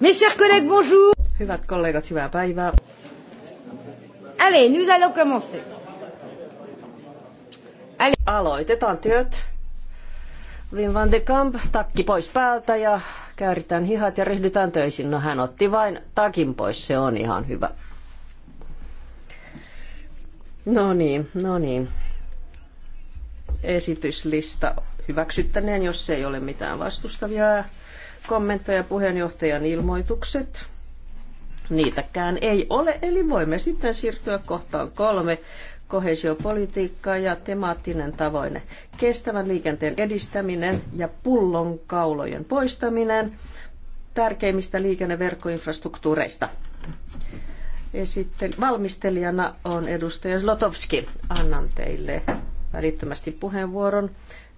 Mes chers collègues, bonjour. Hyvät kollegat, hyvää päivää. Allez, nous allons commencer. Allez. Aloitetaan työt. Wim van de Kamp, takki pois päältä ja kääritään hihat ja ryhdytään töisin. No hän otti vain takin pois, se on ihan hyvä. No niin, no niin. Esityslista hyväksyttäneen, jos ei ole mitään vastustavia kommentteja puheenjohtajan ilmoitukset. Niitäkään ei ole, eli voimme sitten siirtyä kohtaan kolme, kohesiopolitiikka ja temaattinen tavoine, kestävän liikenteen edistäminen ja pullonkaulojen poistaminen tärkeimmistä liikenneverkkoinfrastruktuureista. Esittely, valmistelijana on edustaja Zlotowski. Annan teille välittömästi puheenvuoron.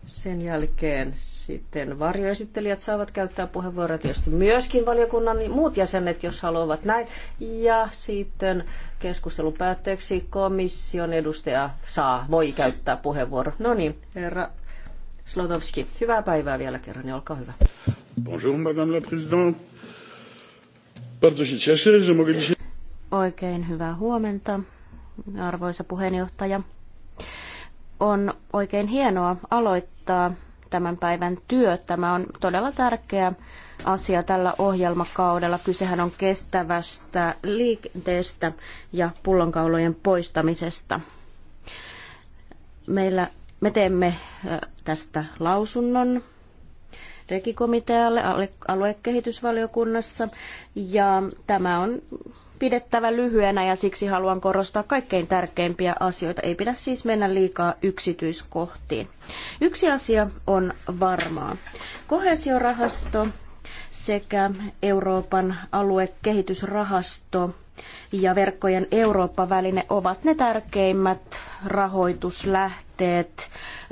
Sen jälkeen sitten varjoesittelijät saavat käyttää puheenvuoroja, tietysti myöskin valiokunnan niin muut jäsenet, jos haluavat näin. Ja sitten keskustelun päätteeksi komission edustaja saa, voi käyttää puheenvuoro. No niin, herra Slotowski, hyvää päivää vielä kerran, niin olkaa hyvä. Bonjour, madame la présidente. Oikein hyvää huomenta, arvoisa puheenjohtaja on oikein hienoa aloittaa tämän päivän työ. Tämä on todella tärkeä asia tällä ohjelmakaudella. Kysehän on kestävästä liikenteestä ja pullonkaulojen poistamisesta. Meillä, me teemme tästä lausunnon rekikomitealle aluekehitysvaliokunnassa ja tämä on pidettävä lyhyenä ja siksi haluan korostaa kaikkein tärkeimpiä asioita. Ei pidä siis mennä liikaa yksityiskohtiin. Yksi asia on varmaa. Kohesiorahasto sekä Euroopan aluekehitysrahasto ja verkkojen Eurooppa-väline ovat ne tärkeimmät rahoituslähteet viitteet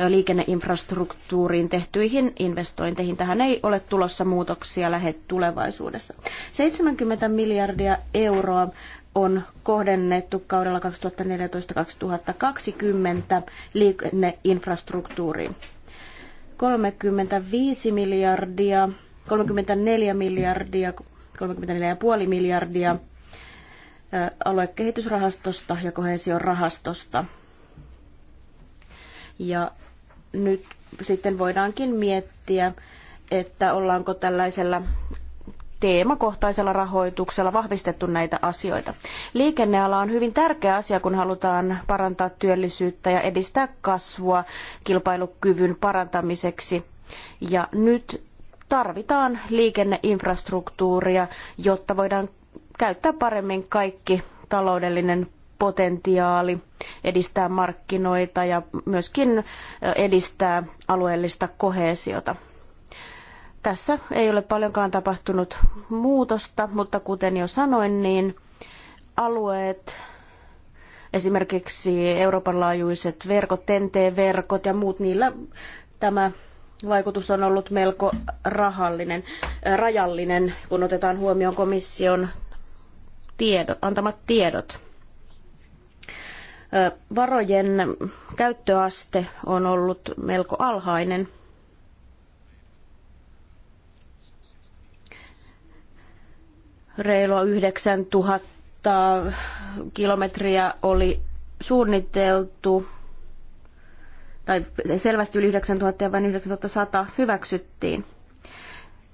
liikenneinfrastruktuuriin tehtyihin investointeihin. Tähän ei ole tulossa muutoksia lähetulevaisuudessa. 70 miljardia euroa on kohdennettu kaudella 2014-2020 liikenneinfrastruktuuriin. 35 miljardia, 34 miljardia, 34,5 miljardia aluekehitysrahastosta ja kohesion rahastosta. Ja nyt sitten voidaankin miettiä, että ollaanko tällaisella teemakohtaisella rahoituksella vahvistettu näitä asioita. Liikenneala on hyvin tärkeä asia, kun halutaan parantaa työllisyyttä ja edistää kasvua kilpailukyvyn parantamiseksi. Ja nyt tarvitaan liikenneinfrastruktuuria, jotta voidaan käyttää paremmin kaikki taloudellinen potentiaali edistää markkinoita ja myöskin edistää alueellista kohesiota. Tässä ei ole paljonkaan tapahtunut muutosta, mutta kuten jo sanoin, niin alueet, esimerkiksi Euroopan laajuiset verkot, TNT-verkot ja muut, niillä tämä vaikutus on ollut melko rahallinen, rajallinen, kun otetaan huomioon komission tiedot, antamat tiedot varojen käyttöaste on ollut melko alhainen. Reilua 9000 kilometriä oli suunniteltu, tai selvästi yli 9000 ja vain 9100 hyväksyttiin.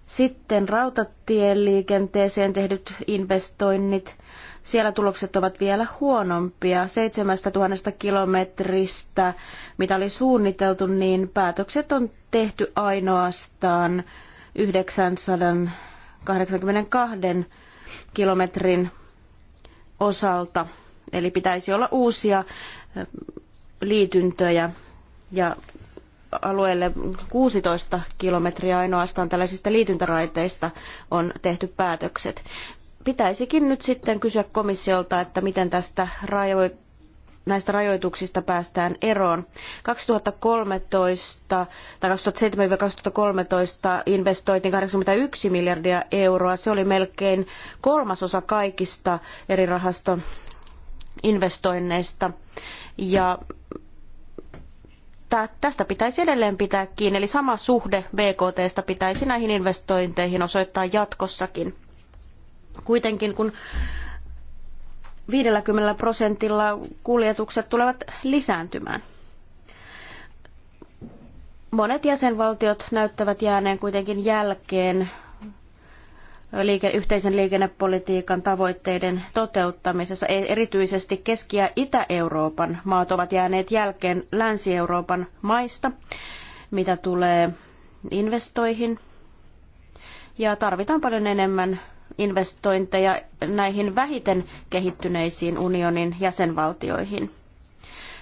Sitten rautatieliikenteeseen tehdyt investoinnit – siellä tulokset ovat vielä huonompia. 7000 kilometristä, mitä oli suunniteltu, niin päätökset on tehty ainoastaan 982 kilometrin osalta. Eli pitäisi olla uusia liityntöjä ja alueelle 16 kilometriä ainoastaan tällaisista liityntäraiteista on tehty päätökset pitäisikin nyt sitten kysyä komissiolta, että miten tästä näistä rajoituksista päästään eroon. 2013 tai 2007-2013 investoitiin 81 miljardia euroa. Se oli melkein kolmasosa kaikista eri rahaston investoinneista. Ja tästä pitäisi edelleen pitää kiinni, eli sama suhde BKTstä pitäisi näihin investointeihin osoittaa jatkossakin. Kuitenkin kun 50 prosentilla kuljetukset tulevat lisääntymään. Monet jäsenvaltiot näyttävät jääneen kuitenkin jälkeen liike, yhteisen liikennepolitiikan tavoitteiden toteuttamisessa. E- erityisesti Keski- ja Itä-Euroopan maat ovat jääneet jälkeen Länsi-Euroopan maista, mitä tulee investoihin. Ja tarvitaan paljon enemmän investointeja näihin vähiten kehittyneisiin unionin jäsenvaltioihin.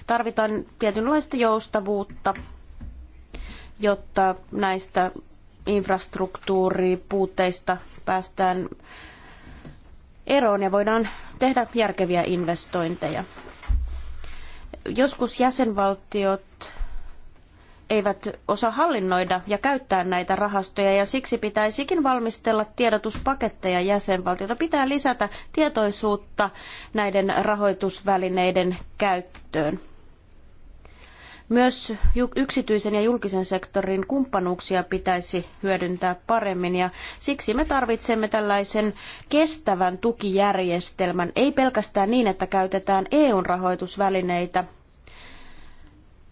Tarvitaan tietynlaista joustavuutta, jotta näistä infrastruktuuripuutteista päästään eroon ja voidaan tehdä järkeviä investointeja. Joskus jäsenvaltiot eivät osaa hallinnoida ja käyttää näitä rahastoja ja siksi pitäisikin valmistella tiedotuspaketteja jäsenvaltiota. Pitää lisätä tietoisuutta näiden rahoitusvälineiden käyttöön. Myös yksityisen ja julkisen sektorin kumppanuuksia pitäisi hyödyntää paremmin ja siksi me tarvitsemme tällaisen kestävän tukijärjestelmän, ei pelkästään niin, että käytetään EUn rahoitusvälineitä,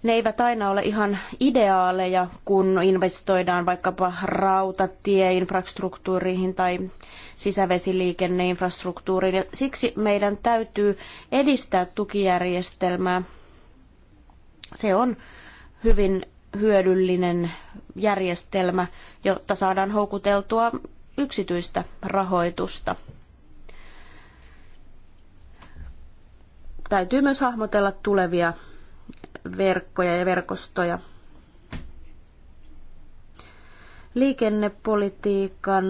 ne eivät aina ole ihan ideaaleja, kun investoidaan vaikkapa rautatieinfrastruktuuriin tai sisävesiliikenneinfrastruktuuriin. Ja siksi meidän täytyy edistää tukijärjestelmää. Se on hyvin hyödyllinen järjestelmä, jotta saadaan houkuteltua yksityistä rahoitusta. Täytyy myös hahmotella tulevia verkkoja ja verkostoja. Liikennepolitiikan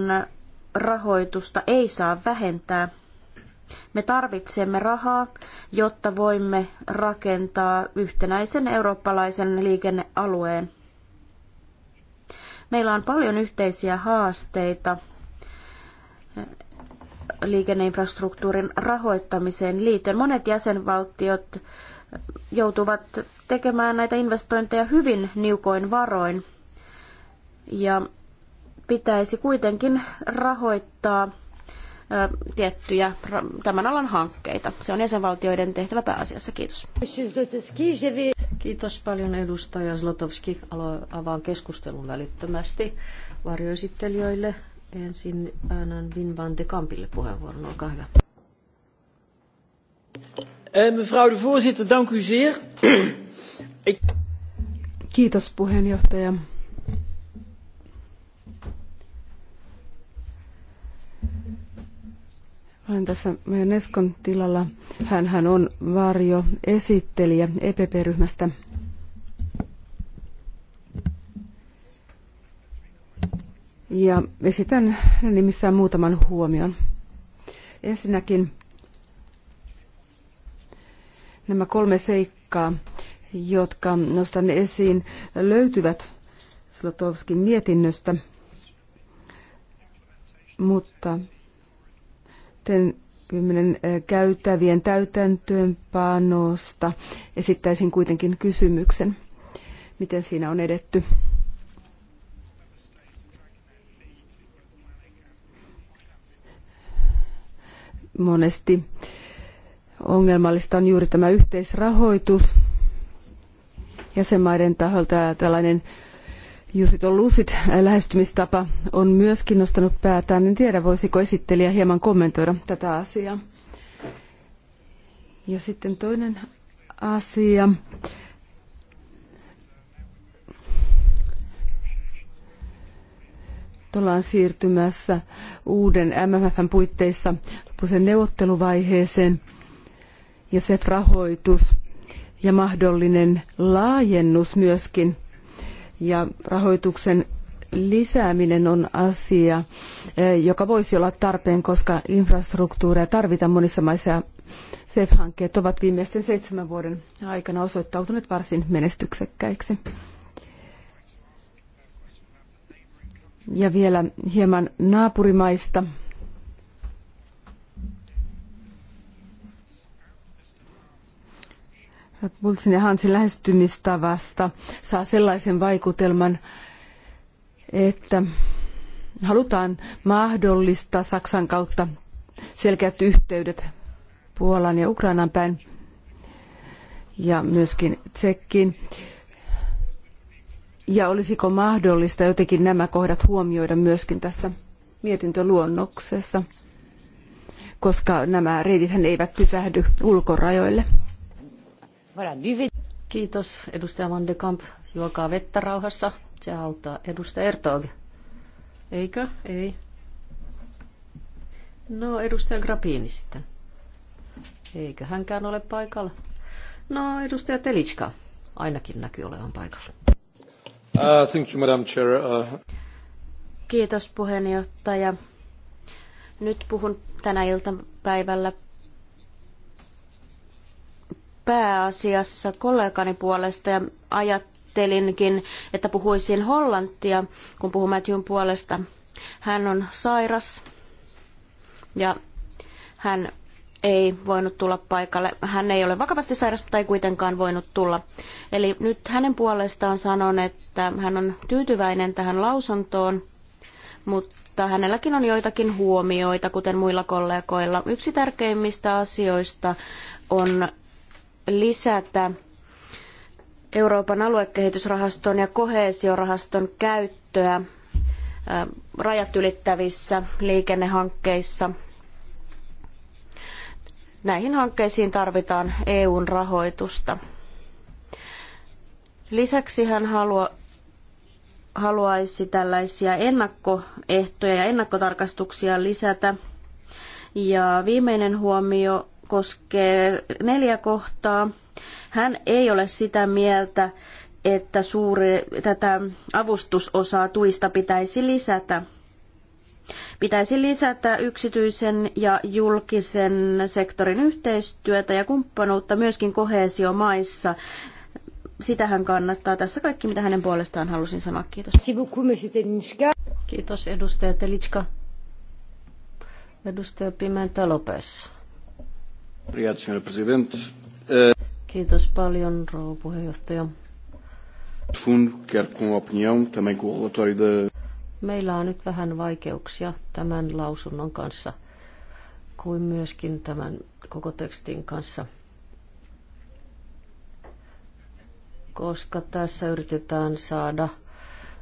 rahoitusta ei saa vähentää. Me tarvitsemme rahaa, jotta voimme rakentaa yhtenäisen eurooppalaisen liikennealueen. Meillä on paljon yhteisiä haasteita liikenneinfrastruktuurin rahoittamiseen liittyen. Monet jäsenvaltiot joutuvat tekemään näitä investointeja hyvin niukoin varoin. Ja pitäisi kuitenkin rahoittaa tiettyjä tämän alan hankkeita. Se on jäsenvaltioiden tehtävä pääasiassa. Kiitos. Kiitos paljon edustaja Zlotowski. Avaan keskustelun välittömästi varjoesittelijöille. Ensin annan Vinvante Kampille puheenvuoron. Olkaa hyvä. Eh, mevrouw de voorzitter, dank u zeer. Kiitos puheenjohtaja. Olen tässä Neskon tilalla. Hän, hän on varjo esittelijä EPP-ryhmästä. Ja esitän nimissään muutaman huomion. Ensinnäkin Nämä kolme seikkaa, jotka nostan esiin, löytyvät Slotovskin mietinnöstä, mutta ten kymmenen käytävien täytäntöönpanosta esittäisin kuitenkin kysymyksen, miten siinä on edetty. Monesti ongelmallista on juuri tämä yhteisrahoitus jäsenmaiden taholta ja tällainen Jusit on lusit lähestymistapa on myöskin nostanut päätään. En tiedä, voisiko esittelijä hieman kommentoida tätä asiaa. Ja sitten toinen asia. ollaan siirtymässä uuden MFFn puitteissa loppuisen neuvotteluvaiheeseen ja SEF-rahoitus ja mahdollinen laajennus myöskin ja rahoituksen lisääminen on asia, e, joka voisi olla tarpeen, koska infrastruktuuria tarvitaan monissa maissa ja cef hankkeet ovat viimeisten seitsemän vuoden aikana osoittautuneet varsin menestyksekkäiksi. Ja vielä hieman naapurimaista. Bultsin ja Hansin lähestymistavasta saa sellaisen vaikutelman, että halutaan mahdollistaa Saksan kautta selkeät yhteydet Puolan ja Ukrainan päin ja myöskin Tsekkiin. Ja olisiko mahdollista jotenkin nämä kohdat huomioida myöskin tässä mietintöluonnoksessa, koska nämä reitithän eivät pysähdy ulkorajoille. Kiitos, edustaja Van de Kamp. Juokaa vettä rauhassa. Se auttaa. Edustaja Ertog. Eikö? Ei. No, edustaja Grapini sitten. Eikö hänkään ole paikalla? No, edustaja Telitska ainakin näkyy olevan paikalla. Uh, thank you, Madam Chair. Uh... Kiitos puheenjohtaja. Nyt puhun tänä iltapäivällä pääasiassa kollegani puolesta ja ajattelinkin, että puhuisin hollantia, kun puhun Matthewn puolesta. Hän on sairas ja hän ei voinut tulla paikalle. Hän ei ole vakavasti sairas, mutta ei kuitenkaan voinut tulla. Eli nyt hänen puolestaan sanon, että hän on tyytyväinen tähän lausuntoon, mutta hänelläkin on joitakin huomioita, kuten muilla kollegoilla. Yksi tärkeimmistä asioista on lisätä Euroopan aluekehitysrahaston ja koheesiorahaston käyttöä äh, rajat ylittävissä liikennehankkeissa. Näihin hankkeisiin tarvitaan EUn rahoitusta. Lisäksi hän halua, haluaisi tällaisia ennakkoehtoja ja ennakkotarkastuksia lisätä. Ja viimeinen huomio koskee neljä kohtaa. Hän ei ole sitä mieltä, että suuri, tätä avustusosaa tuista pitäisi lisätä. Pitäisi lisätä yksityisen ja julkisen sektorin yhteistyötä ja kumppanuutta myöskin kohesiomaissa. Sitä hän kannattaa. Tässä kaikki, mitä hänen puolestaan halusin sanoa. Kiitos. Kiitos edustaja Telitska. Edustaja Pimenta Lopes. Kiitos paljon, rouva puheenjohtaja. Meillä on nyt vähän vaikeuksia tämän lausunnon kanssa kuin myöskin tämän koko tekstin kanssa. Koska tässä yritetään saada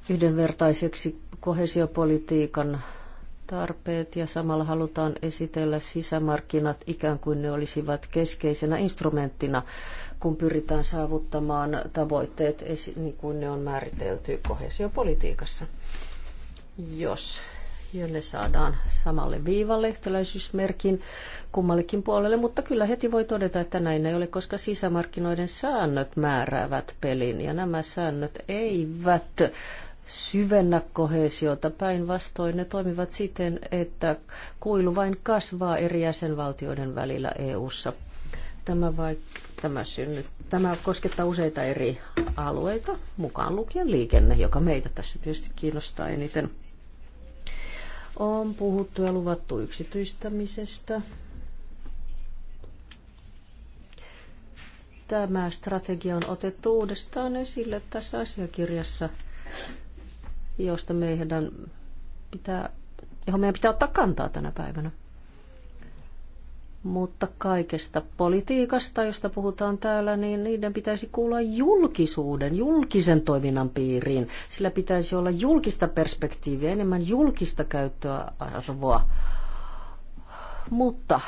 yhdenvertaiseksi kohesiopolitiikan tarpeet ja samalla halutaan esitellä sisämarkkinat ikään kuin ne olisivat keskeisenä instrumenttina, kun pyritään saavuttamaan tavoitteet niin kuin ne on määritelty kohesiopolitiikassa. Jos ja ne saadaan samalle viivalle yhtäläisyysmerkin kummallekin puolelle, mutta kyllä heti voi todeta, että näin ei ole, koska sisämarkkinoiden säännöt määräävät pelin ja nämä säännöt eivät syvennä kohesiota. Päinvastoin ne toimivat siten, että kuilu vain kasvaa eri jäsenvaltioiden välillä EU:ssa. Tämä, vai, tämä, synny, tämä koskettaa useita eri alueita, mukaan lukien liikenne, joka meitä tässä tietysti kiinnostaa eniten. On puhuttu ja luvattu yksityistämisestä, tämä strategia on otettu uudestaan esille tässä asiakirjassa josta meidän pitää, johon meidän pitää ottaa kantaa tänä päivänä. Mutta kaikesta politiikasta, josta puhutaan täällä, niin niiden pitäisi kuulla julkisuuden, julkisen toiminnan piiriin. Sillä pitäisi olla julkista perspektiiviä, enemmän julkista käyttöarvoa. Mutta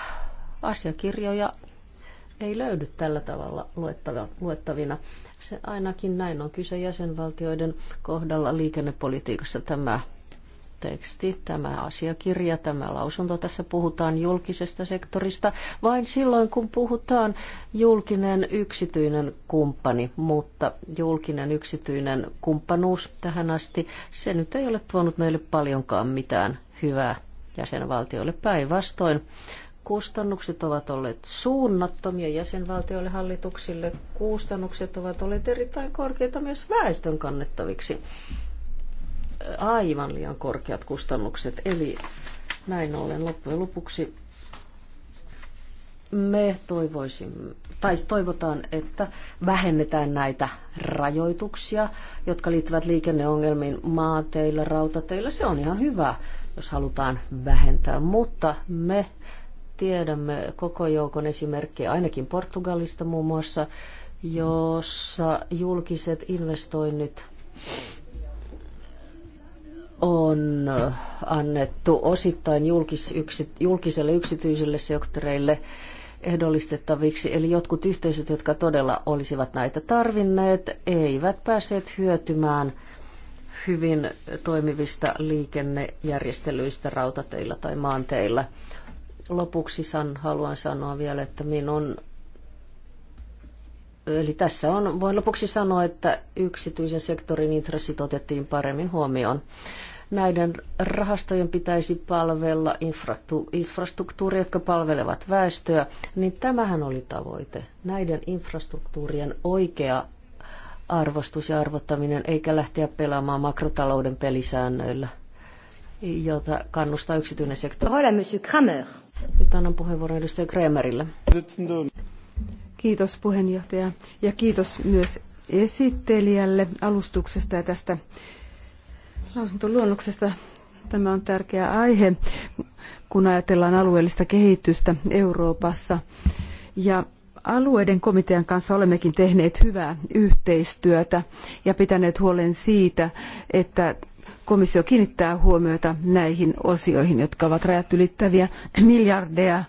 asiakirjoja ei löydy tällä tavalla luettavina. Se ainakin näin on kyse jäsenvaltioiden kohdalla liikennepolitiikassa tämä teksti, tämä asiakirja, tämä lausunto. Tässä puhutaan julkisesta sektorista vain silloin, kun puhutaan julkinen yksityinen kumppani, mutta julkinen yksityinen kumppanuus tähän asti, se nyt ei ole tuonut meille paljonkaan mitään hyvää jäsenvaltioille päinvastoin. Kustannukset ovat olleet suunnattomia jäsenvaltioille hallituksille. Kustannukset ovat olleet erittäin korkeita myös väestön kannettaviksi. Aivan liian korkeat kustannukset. Eli näin ollen loppujen lopuksi me toivoisimme, tai toivotaan, että vähennetään näitä rajoituksia, jotka liittyvät liikenneongelmiin maateillä, rautateillä. Se on ihan hyvä, jos halutaan vähentää, mutta me tiedämme koko joukon esimerkkejä, ainakin Portugalista muun muassa, jossa julkiset investoinnit on annettu osittain julkis, yksi, julkiselle yksityiselle sektoreille ehdollistettaviksi. Eli jotkut yhteisöt, jotka todella olisivat näitä tarvinneet, eivät päässeet hyötymään hyvin toimivista liikennejärjestelyistä rautateillä tai maanteillä. Lopuksi san, haluan sanoa vielä, että minun Eli tässä on, voin lopuksi sanoa, että yksityisen sektorin intressit otettiin paremmin huomioon. Näiden rahastojen pitäisi palvella infrastruktuuri, jotka palvelevat väestöä, niin tämähän oli tavoite. Näiden infrastruktuurien oikea arvostus ja arvottaminen, eikä lähteä pelaamaan makrotalouden pelisäännöillä, jota kannustaa yksityinen sektori. Voilà, monsieur Kramer. Nyt annan puheenvuoron edustaja Kremerille. Kiitos puheenjohtaja ja kiitos myös esittelijälle alustuksesta ja tästä lausuntoluonnoksesta. Tämä on tärkeä aihe, kun ajatellaan alueellista kehitystä Euroopassa. Ja alueiden komitean kanssa olemmekin tehneet hyvää yhteistyötä ja pitäneet huolen siitä, että komissio kiinnittää huomiota näihin osioihin, jotka ovat rajat ylittäviä. Miljardeja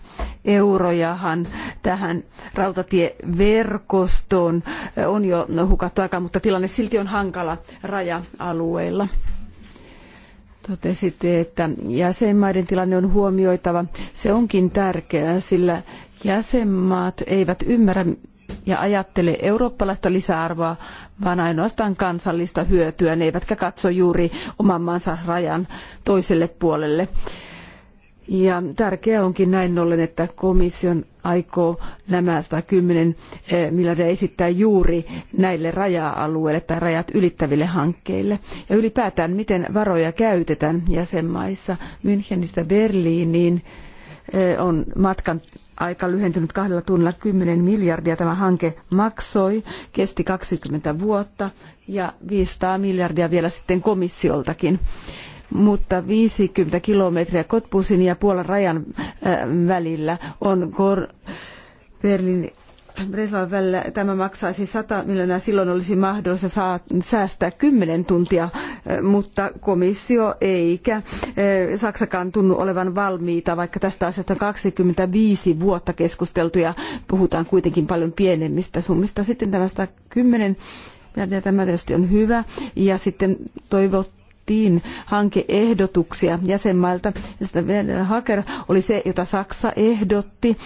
eurojahan tähän rautatieverkostoon on jo hukattu aikaa, mutta tilanne silti on hankala raja-alueilla. Totesitte, että jäsenmaiden tilanne on huomioitava. Se onkin tärkeää, sillä jäsenmaat eivät ymmärrä, ja ajattele eurooppalaista lisäarvoa, vaan ainoastaan kansallista hyötyä, ne eivätkä katso juuri oman maansa rajan toiselle puolelle. Ja tärkeää onkin näin ollen, että komission aikoo nämä 110 eh, miljardia esittää juuri näille raja-alueille tai rajat ylittäville hankkeille. Ja ylipäätään, miten varoja käytetään jäsenmaissa Münchenistä Berliiniin eh, on matkan aika lyhentynyt kahdella tunnilla 10 miljardia. Tämä hanke maksoi, kesti 20 vuotta ja 500 miljardia vielä sitten komissioltakin. Mutta 50 kilometriä Kotpusin ja Puolan rajan äh, välillä on Berliin Breslau välillä tämä maksaisi 100 miljoonaa, silloin olisi mahdollista saa, säästää 10 tuntia, eh, mutta komissio eikä eh, Saksakaan tunnu olevan valmiita, vaikka tästä asiasta on 25 vuotta keskusteltu ja puhutaan kuitenkin paljon pienemmistä summista. Sitten tämä 110 miljoonaa, tämä tietysti on hyvä ja sitten toivot hankeehdotuksia jäsenmailta. Werner Hacker oli se, jota Saksa ehdotti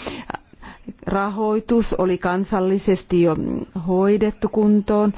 rahoitus oli kansallisesti jo hoidettu kuntoon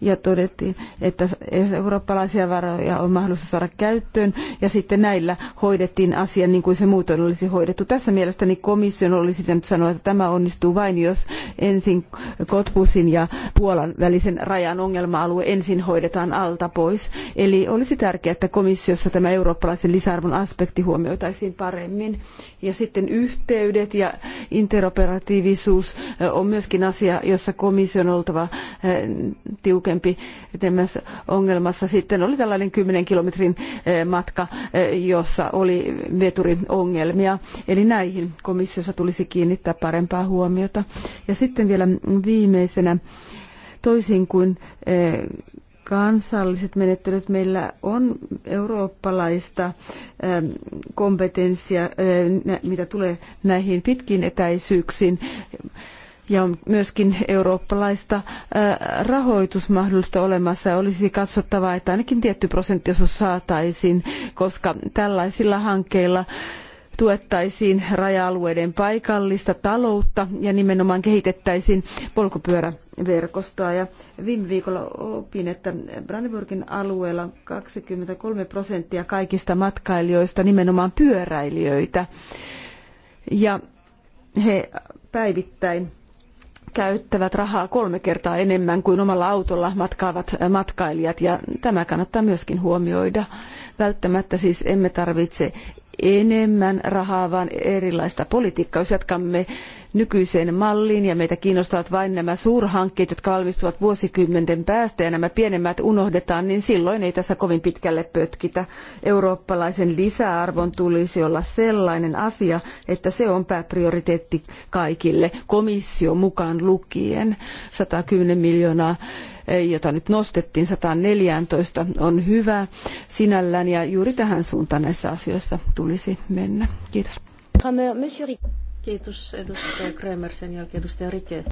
ja todettiin, että eurooppalaisia varoja on mahdollista saada käyttöön ja sitten näillä hoidettiin asia niin kuin se muutoin olisi hoidettu. Tässä mielestäni komission olisi pitänyt sanoa, että tämä onnistuu vain, jos ensin Kotpusin ja Puolan välisen rajan ongelma-alue ensin hoidetaan alta pois. Eli olisi tärkeää, että komissiossa tämä eurooppalaisen lisäarvon aspekti huomioitaisiin paremmin. Ja sitten yhteydet ja interoperatiivisuus on myöskin asia, jossa komission on oltava tiukempi tiukempi ongelmassa. Sitten oli tällainen 10 kilometrin eh, matka, eh, jossa oli veturiongelmia. Eli näihin komissiossa tulisi kiinnittää parempaa huomiota. Ja sitten vielä viimeisenä, toisin kuin eh, kansalliset menettelyt. Meillä on eurooppalaista kompetenssia, mitä tulee näihin pitkiin etäisyyksiin ja on myöskin eurooppalaista rahoitusmahdollista olemassa ja olisi katsottava, että ainakin tietty prosenttiosuus saataisiin, koska tällaisilla hankkeilla tuettaisiin raja-alueiden paikallista taloutta ja nimenomaan kehitettäisiin polkupyöräverkostoa. Ja viime viikolla opin, että Brandenburgin alueella 23 prosenttia kaikista matkailijoista nimenomaan pyöräilijöitä. Ja he päivittäin käyttävät rahaa kolme kertaa enemmän kuin omalla autolla matkaavat äh, matkailijat ja tämä kannattaa myöskin huomioida. Välttämättä siis emme tarvitse enemmän rahaa, vaan erilaista politiikkaa. Jos jatkamme nykyiseen malliin ja meitä kiinnostavat vain nämä suurhankkeet, jotka valmistuvat vuosikymmenten päästä ja nämä pienemmät unohdetaan, niin silloin ei tässä kovin pitkälle pötkitä. Eurooppalaisen lisäarvon tulisi olla sellainen asia, että se on pääprioriteetti kaikille, komissio mukaan lukien. 110 miljoonaa E, jota nyt nostettiin 114, on hyvä sinällään ja juuri tähän suuntaan näissä asioissa tulisi mennä. Kiitos. Kiitos edustaja Kremer, sen jälkeen edustaja Rike.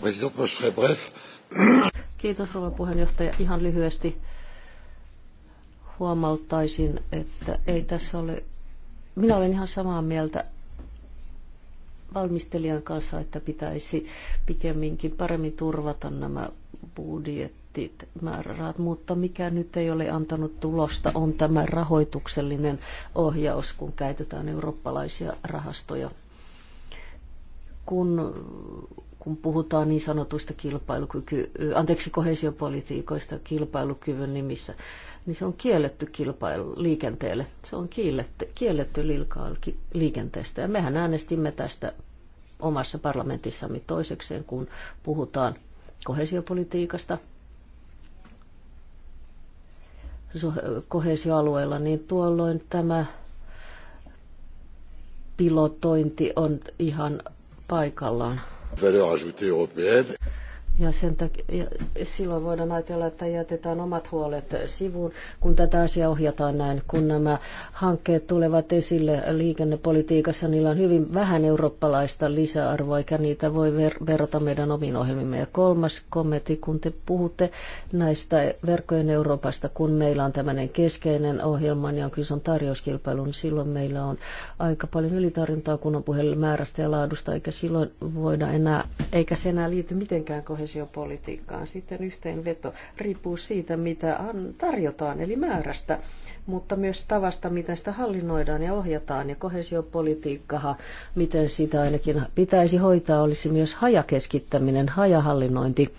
Kiitos rouva puheenjohtaja. Ihan lyhyesti huomauttaisin, että ei tässä ole... Minä olen ihan samaa mieltä valmistelijan kanssa, että pitäisi pikemminkin paremmin turvata nämä budjetit budjetit, määrärahat, mutta mikä nyt ei ole antanut tulosta on tämä rahoituksellinen ohjaus, kun käytetään eurooppalaisia rahastoja. Kun, kun puhutaan niin sanotuista kilpailukyky, anteeksi, kohesiopolitiikoista kilpailukyvyn nimissä, niin se on kielletty kilpailu liikenteelle. Se on kielletty, kielletty liikenteestä. Ja mehän äänestimme tästä omassa parlamentissamme toisekseen, kun puhutaan kohesiopolitiikasta, kohesioalueilla, niin tuolloin tämä pilotointi on ihan paikallaan. Ja, sen takia, ja silloin voidaan ajatella, että jätetään omat huolet sivuun, kun tätä asiaa ohjataan näin. Kun nämä hankkeet tulevat esille liikennepolitiikassa, niillä on hyvin vähän eurooppalaista lisäarvoa, eikä niitä voi ver- verrata meidän omiin ohjelmiimme. Ja kolmas kommentti, kun te puhutte näistä verkkojen Euroopasta, kun meillä on tämmöinen keskeinen ohjelma, niin on kyse on tarjouskilpailu, niin silloin meillä on aika paljon ylitarjontaa, kun on puhe määrästä ja laadusta, eikä silloin voida enää, eikä se enää liity mitenkään kohdassa kohesiopolitiikkaan. Sitten yhteenveto riippuu siitä, mitä tarjotaan, eli määrästä, mutta myös tavasta, miten sitä hallinnoidaan ja ohjataan. Ja kohesiopolitiikkaha, miten sitä ainakin pitäisi hoitaa, olisi myös hajakeskittäminen, hajahallinnointi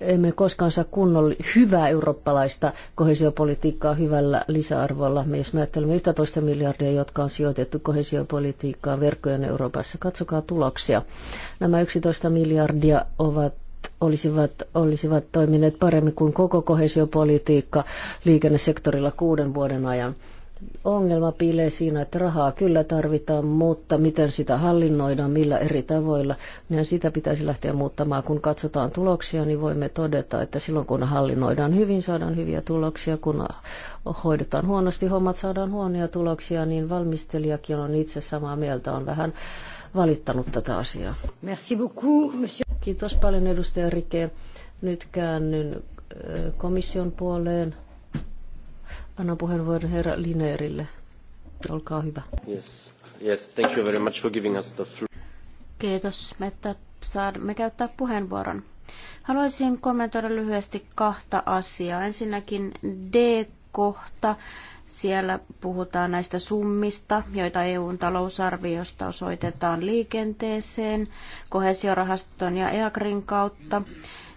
emme koskaan saa kunnolla hyvää eurooppalaista kohesiopolitiikkaa hyvällä lisäarvolla. Me jos me ajattelemme 11 miljardia, jotka on sijoitettu kohesiopolitiikkaan verkkojen Euroopassa, katsokaa tuloksia. Nämä 11 miljardia ovat olisivat, olisivat toimineet paremmin kuin koko kohesiopolitiikka liikennesektorilla kuuden vuoden ajan ongelma piilee siinä, että rahaa kyllä tarvitaan, mutta miten sitä hallinnoidaan, millä eri tavoilla, niin sitä pitäisi lähteä muuttamaan. Kun katsotaan tuloksia, niin voimme todeta, että silloin kun hallinnoidaan hyvin, saadaan hyviä tuloksia. Kun hoidetaan huonosti hommat, saadaan huonoja tuloksia, niin valmistelijakin on itse samaa mieltä, on vähän valittanut tätä asiaa. Merci beaucoup, monsieur. Kiitos paljon edustaja Rike. Nyt käännyn komission puoleen. Annan puheenvuoron herra Linerille. Olkaa hyvä. Yes. Yes, thank you very much for giving us the floor. Kiitos, että saamme käyttää puheenvuoron. Haluaisin kommentoida lyhyesti kahta asiaa. Ensinnäkin D-kohta. Siellä puhutaan näistä summista, joita EUn talousarviosta osoitetaan liikenteeseen, kohesiorahaston ja EAGRin kautta. Mm.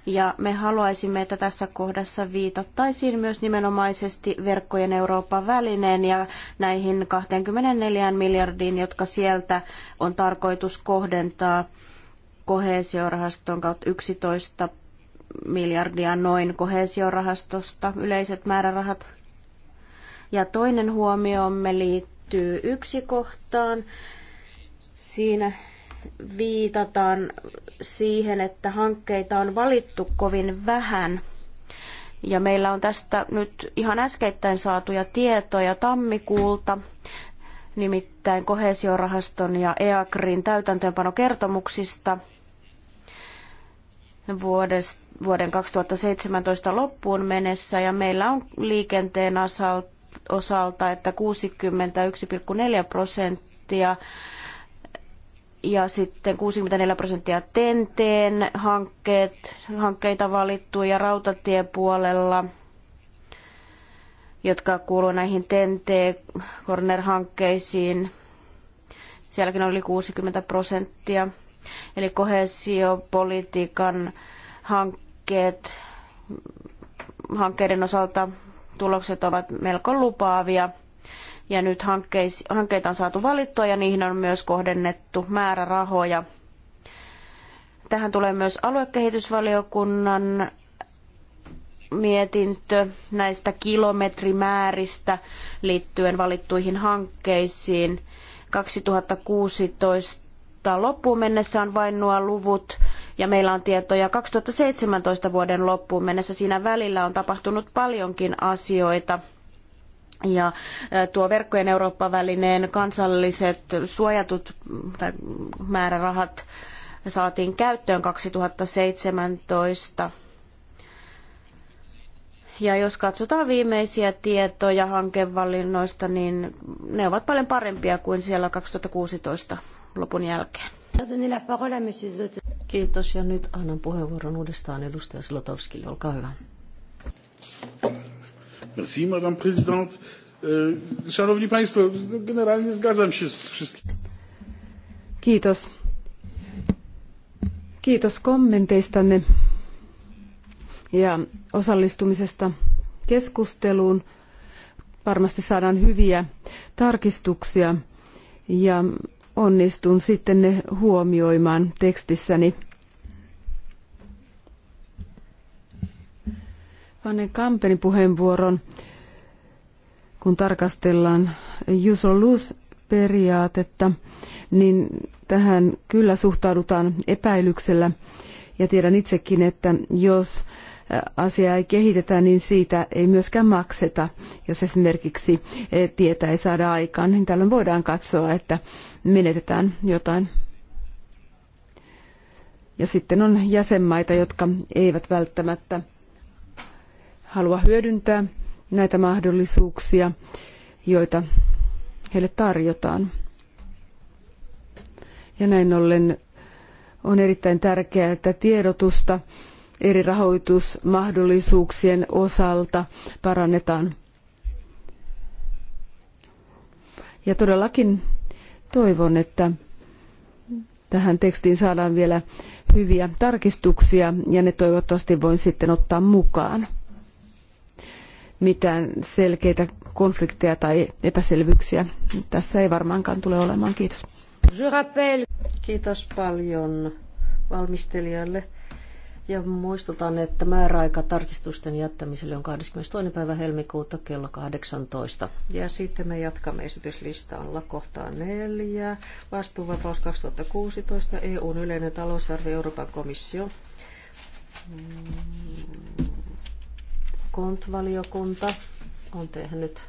Ja me haluaisimme, että tässä kohdassa viitattaisiin myös nimenomaisesti verkkojen Euroopan välineen ja näihin 24 miljardiin, jotka sieltä on tarkoitus kohdentaa kohesiorahaston kautta 11 miljardia noin kohesiorahastosta yleiset määrärahat. Ja toinen huomiomme liittyy yksi kohtaan. Siinä viitataan siihen, että hankkeita on valittu kovin vähän. Ja meillä on tästä nyt ihan äskeittäin saatuja tietoja tammikuulta, nimittäin kohesiorahaston ja EAKRin täytäntöönpanokertomuksista vuodesta, vuoden 2017 loppuun mennessä. Ja meillä on liikenteen osalta, että 61,4 prosenttia prosenttia ja sitten 64 prosenttia TENTEen hankkeet, hankkeita valittu ja rautatiepuolella, jotka kuuluvat näihin TENTE-corner-hankkeisiin. Sielläkin oli 60 prosenttia. Eli kohesiopolitiikan hankkeet, hankkeiden osalta tulokset ovat melko lupaavia. Ja nyt hankkeita on saatu valittua ja niihin on myös kohdennettu määrärahoja. Tähän tulee myös aluekehitysvaliokunnan mietintö näistä kilometrimääristä liittyen valittuihin hankkeisiin. 2016 loppuun mennessä on vain nuo luvut ja meillä on tietoja 2017 vuoden loppuun mennessä. Siinä välillä on tapahtunut paljonkin asioita. Ja tuo verkkojen Eurooppa-välineen kansalliset suojatut mm, tai määrärahat saatiin käyttöön 2017. Ja jos katsotaan viimeisiä tietoja hankevalinnoista, niin ne ovat paljon parempia kuin siellä 2016 lopun jälkeen. Kiitos ja nyt annan puheenvuoron uudestaan edustaja Slotovskille. Olkaa hyvä. Merci, Madame euh, Szanowni Państwo, generalnie zgadzam się z wszystkim. Kiitos. Kiitos kommenteistanne ja osallistumisesta keskusteluun. Varmasti saadaan hyviä tarkistuksia ja onnistun sitten ne huomioimaan tekstissäni. Vanne Kampenin puheenvuoron, kun tarkastellaan use periaatetta, niin tähän kyllä suhtaudutaan epäilyksellä. Ja tiedän itsekin, että jos asiaa ei kehitetä, niin siitä ei myöskään makseta. Jos esimerkiksi tietä ei saada aikaan, niin tällöin voidaan katsoa, että menetetään jotain. Ja sitten on jäsenmaita, jotka eivät välttämättä halua hyödyntää näitä mahdollisuuksia, joita heille tarjotaan. Ja näin ollen on erittäin tärkeää, että tiedotusta eri rahoitusmahdollisuuksien osalta parannetaan. Ja todellakin toivon, että tähän tekstiin saadaan vielä hyviä tarkistuksia ja ne toivottavasti voin sitten ottaa mukaan mitään selkeitä konflikteja tai epäselvyyksiä tässä ei varmaankaan tule olemaan. Kiitos. Kiitos paljon valmistelijalle. Ja muistutan, että määräaika tarkistusten jättämiselle on 22. päivä helmikuuta kello 18. Ja sitten me jatkamme esityslistalla kohtaa 4. Vastuuvapaus 2016, EUn yleinen talousarvio Euroopan komissio. Kontvaliokunta on tehnyt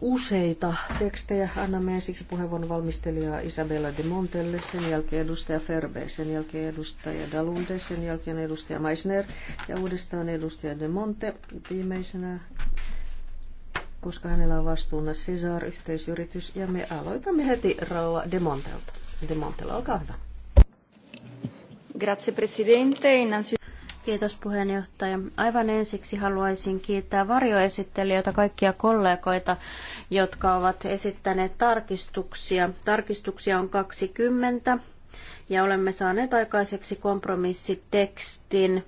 useita tekstejä. Annamme ensiksi puheenvuoron valmistelija Isabella de Montelle, sen jälkeen edustaja Ferbe, sen jälkeen edustaja Dalunde, sen jälkeen edustaja Meissner ja uudestaan edustaja de Monte viimeisenä, koska hänellä on vastuuna Cesar-yhteisyritys ja me aloitamme heti raua de Montelta. De Montella, olkaa hyvä. Grazie Presidente. Innanzi... Kiitos puheenjohtaja. Aivan ensiksi haluaisin kiittää varjoesittelijöitä, kaikkia kollegoita, jotka ovat esittäneet tarkistuksia. Tarkistuksia on 20 ja olemme saaneet aikaiseksi kompromissitekstin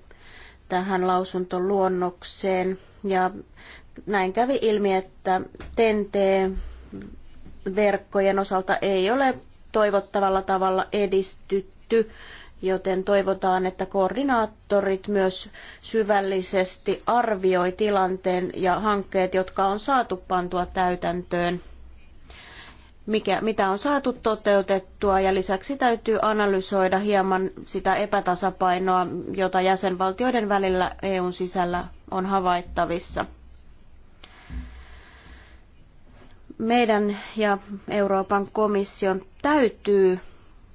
tähän lausuntoluonnokseen. Ja näin kävi ilmi, että TNT-verkkojen osalta ei ole toivottavalla tavalla edistytty joten toivotaan, että koordinaattorit myös syvällisesti arvioi tilanteen ja hankkeet, jotka on saatu pantua täytäntöön, mikä, mitä on saatu toteutettua ja lisäksi täytyy analysoida hieman sitä epätasapainoa, jota jäsenvaltioiden välillä EUn sisällä on havaittavissa. Meidän ja Euroopan komission täytyy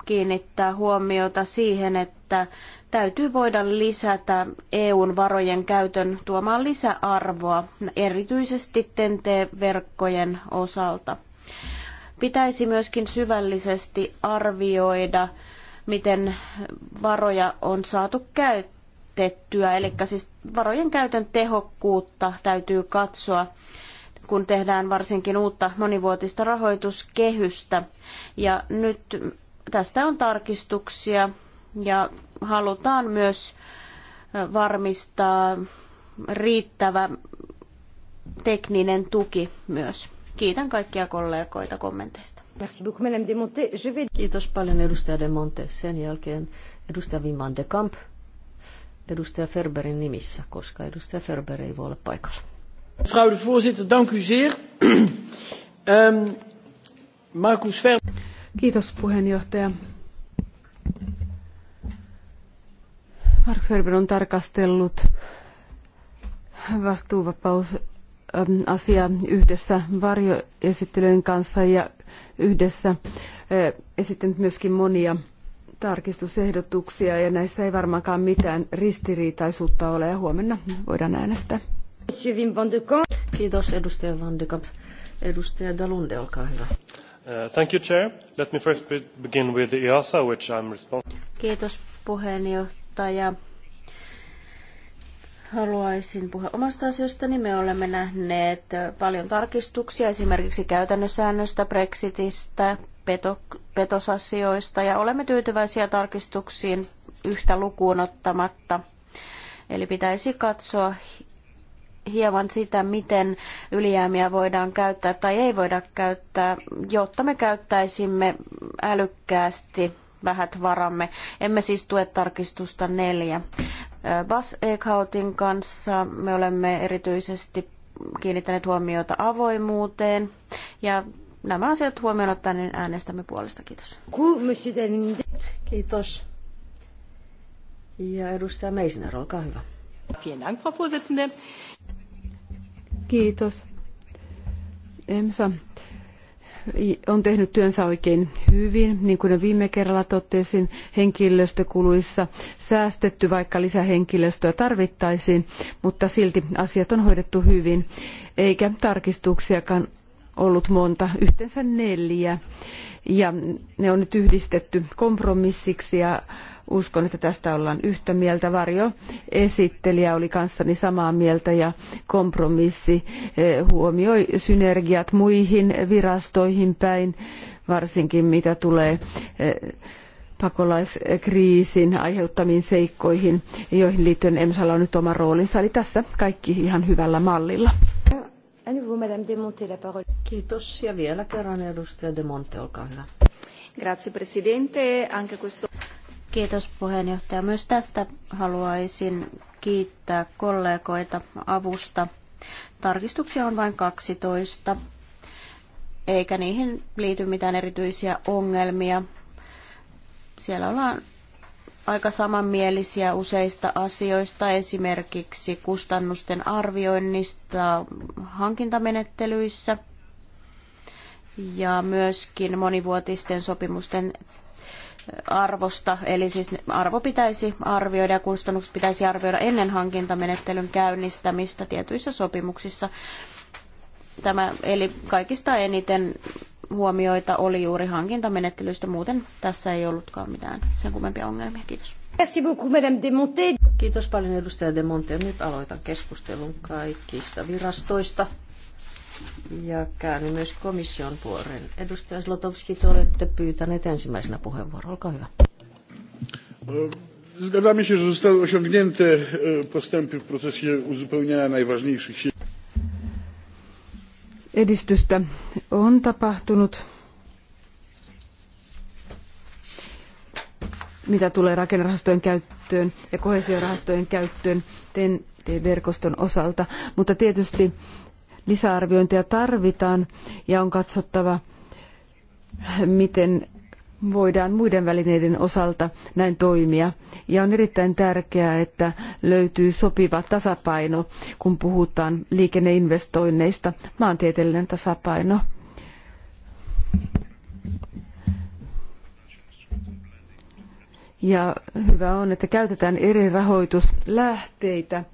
kiinnittää huomiota siihen, että täytyy voida lisätä EUn varojen käytön tuomaan lisäarvoa, erityisesti TNT-verkkojen osalta. Pitäisi myöskin syvällisesti arvioida, miten varoja on saatu käytettyä, eli siis varojen käytön tehokkuutta täytyy katsoa kun tehdään varsinkin uutta monivuotista rahoituskehystä. Ja nyt Tästä on tarkistuksia ja halutaan myös varmistaa riittävä tekninen tuki myös. Kiitän kaikkia kollegoita kommenteista. Kiitos paljon edustaja De Monte. Sen jälkeen edustaja Wimman de Kamp edustaja Ferberin nimissä, koska edustaja Ferber ei voi olla paikalla. Mevrouw de voorzitter, dank u zeer. Ehm, Markus Ferber. Kiitos puheenjohtaja. Mark Ferber on tarkastellut vastuuvapaus yhdessä varjoesittelyjen kanssa ja yhdessä esittänyt myöskin monia tarkistusehdotuksia ja näissä ei varmaankaan mitään ristiriitaisuutta ole ja huomenna voidaan äänestää. Kiitos edustaja Van Edustaja Dalunde, olkaa hyvä. Uh, thank you, Chair. Let me first begin with the EASA, which I'm responsible. Kiitos puheenjohtaja. Haluaisin puhua omasta asiastani. Me olemme nähneet paljon tarkistuksia esimerkiksi käytännössäännöstä, Brexitistä, peto, petosasioista ja olemme tyytyväisiä tarkistuksiin yhtä lukuun ottamatta. Eli pitäisi katsoa hieman sitä, miten ylijäämiä voidaan käyttää tai ei voida käyttää, jotta me käyttäisimme älykkäästi vähät varamme. Emme siis tue tarkistusta neljä. Bas Eghautin kanssa me olemme erityisesti kiinnittäneet huomiota avoimuuteen ja nämä asiat huomioon ottaen niin äänestämme puolesta. Kiitos. Kiitos. Ja edustaja Meisner, olkaa hyvä. Vielen Dank, Frau Vorsitzende. Kiitos. EMSA on tehnyt työnsä oikein hyvin, niin kuin viime kerralla totesin, henkilöstökuluissa säästetty, vaikka lisähenkilöstöä tarvittaisiin, mutta silti asiat on hoidettu hyvin, eikä tarkistuksiakaan ollut monta, yhteensä neljä, ja ne on nyt yhdistetty kompromissiksi ja Uskon, että tästä ollaan yhtä mieltä. Varjo esittelijä oli kanssani samaa mieltä ja kompromissi eh, huomioi synergiat muihin virastoihin päin, varsinkin mitä tulee eh, pakolaiskriisin aiheuttamiin seikkoihin, joihin liittyen EMSalla on nyt oma roolinsa. Eli tässä kaikki ihan hyvällä mallilla. Kiitos. Ja vielä kerran edustaja olkaa hyvä. Grazie Presidente. Anche questo... Kiitos puheenjohtaja. Myös tästä haluaisin kiittää kollegoita avusta. Tarkistuksia on vain 12, eikä niihin liity mitään erityisiä ongelmia. Siellä ollaan aika samanmielisiä useista asioista, esimerkiksi kustannusten arvioinnista hankintamenettelyissä ja myöskin monivuotisten sopimusten arvosta, eli siis arvo pitäisi arvioida ja kustannukset pitäisi arvioida ennen hankintamenettelyn käynnistämistä tietyissä sopimuksissa. Tämä, eli kaikista eniten huomioita oli juuri hankintamenettelystä, muuten tässä ei ollutkaan mitään sen kummempia ongelmia. Kiitos. Merci beaucoup, Madame Demonte. Kiitos paljon edustaja Demonte. Nyt aloitan keskustelun kaikista virastoista ja käänny myös komission puoleen. Edustaja Zlotowski, te olette pyytäneet ensimmäisenä puheenvuoron. Olkaa hyvä. E, zgadzamy się, że zostały osiągnięte e, postępy w procesie uzupełniania najważniejszych sił. Edistystä on tapahtunut. Mitä tulee rakennerahastojen käyttöön ja kohesiorahastojen käyttöön TEN-verkoston osalta, mutta tietysti lisäarviointia tarvitaan ja on katsottava, miten voidaan muiden välineiden osalta näin toimia. Ja on erittäin tärkeää, että löytyy sopiva tasapaino, kun puhutaan liikenneinvestoinneista, maantieteellinen tasapaino. Ja hyvä on, että käytetään eri rahoituslähteitä,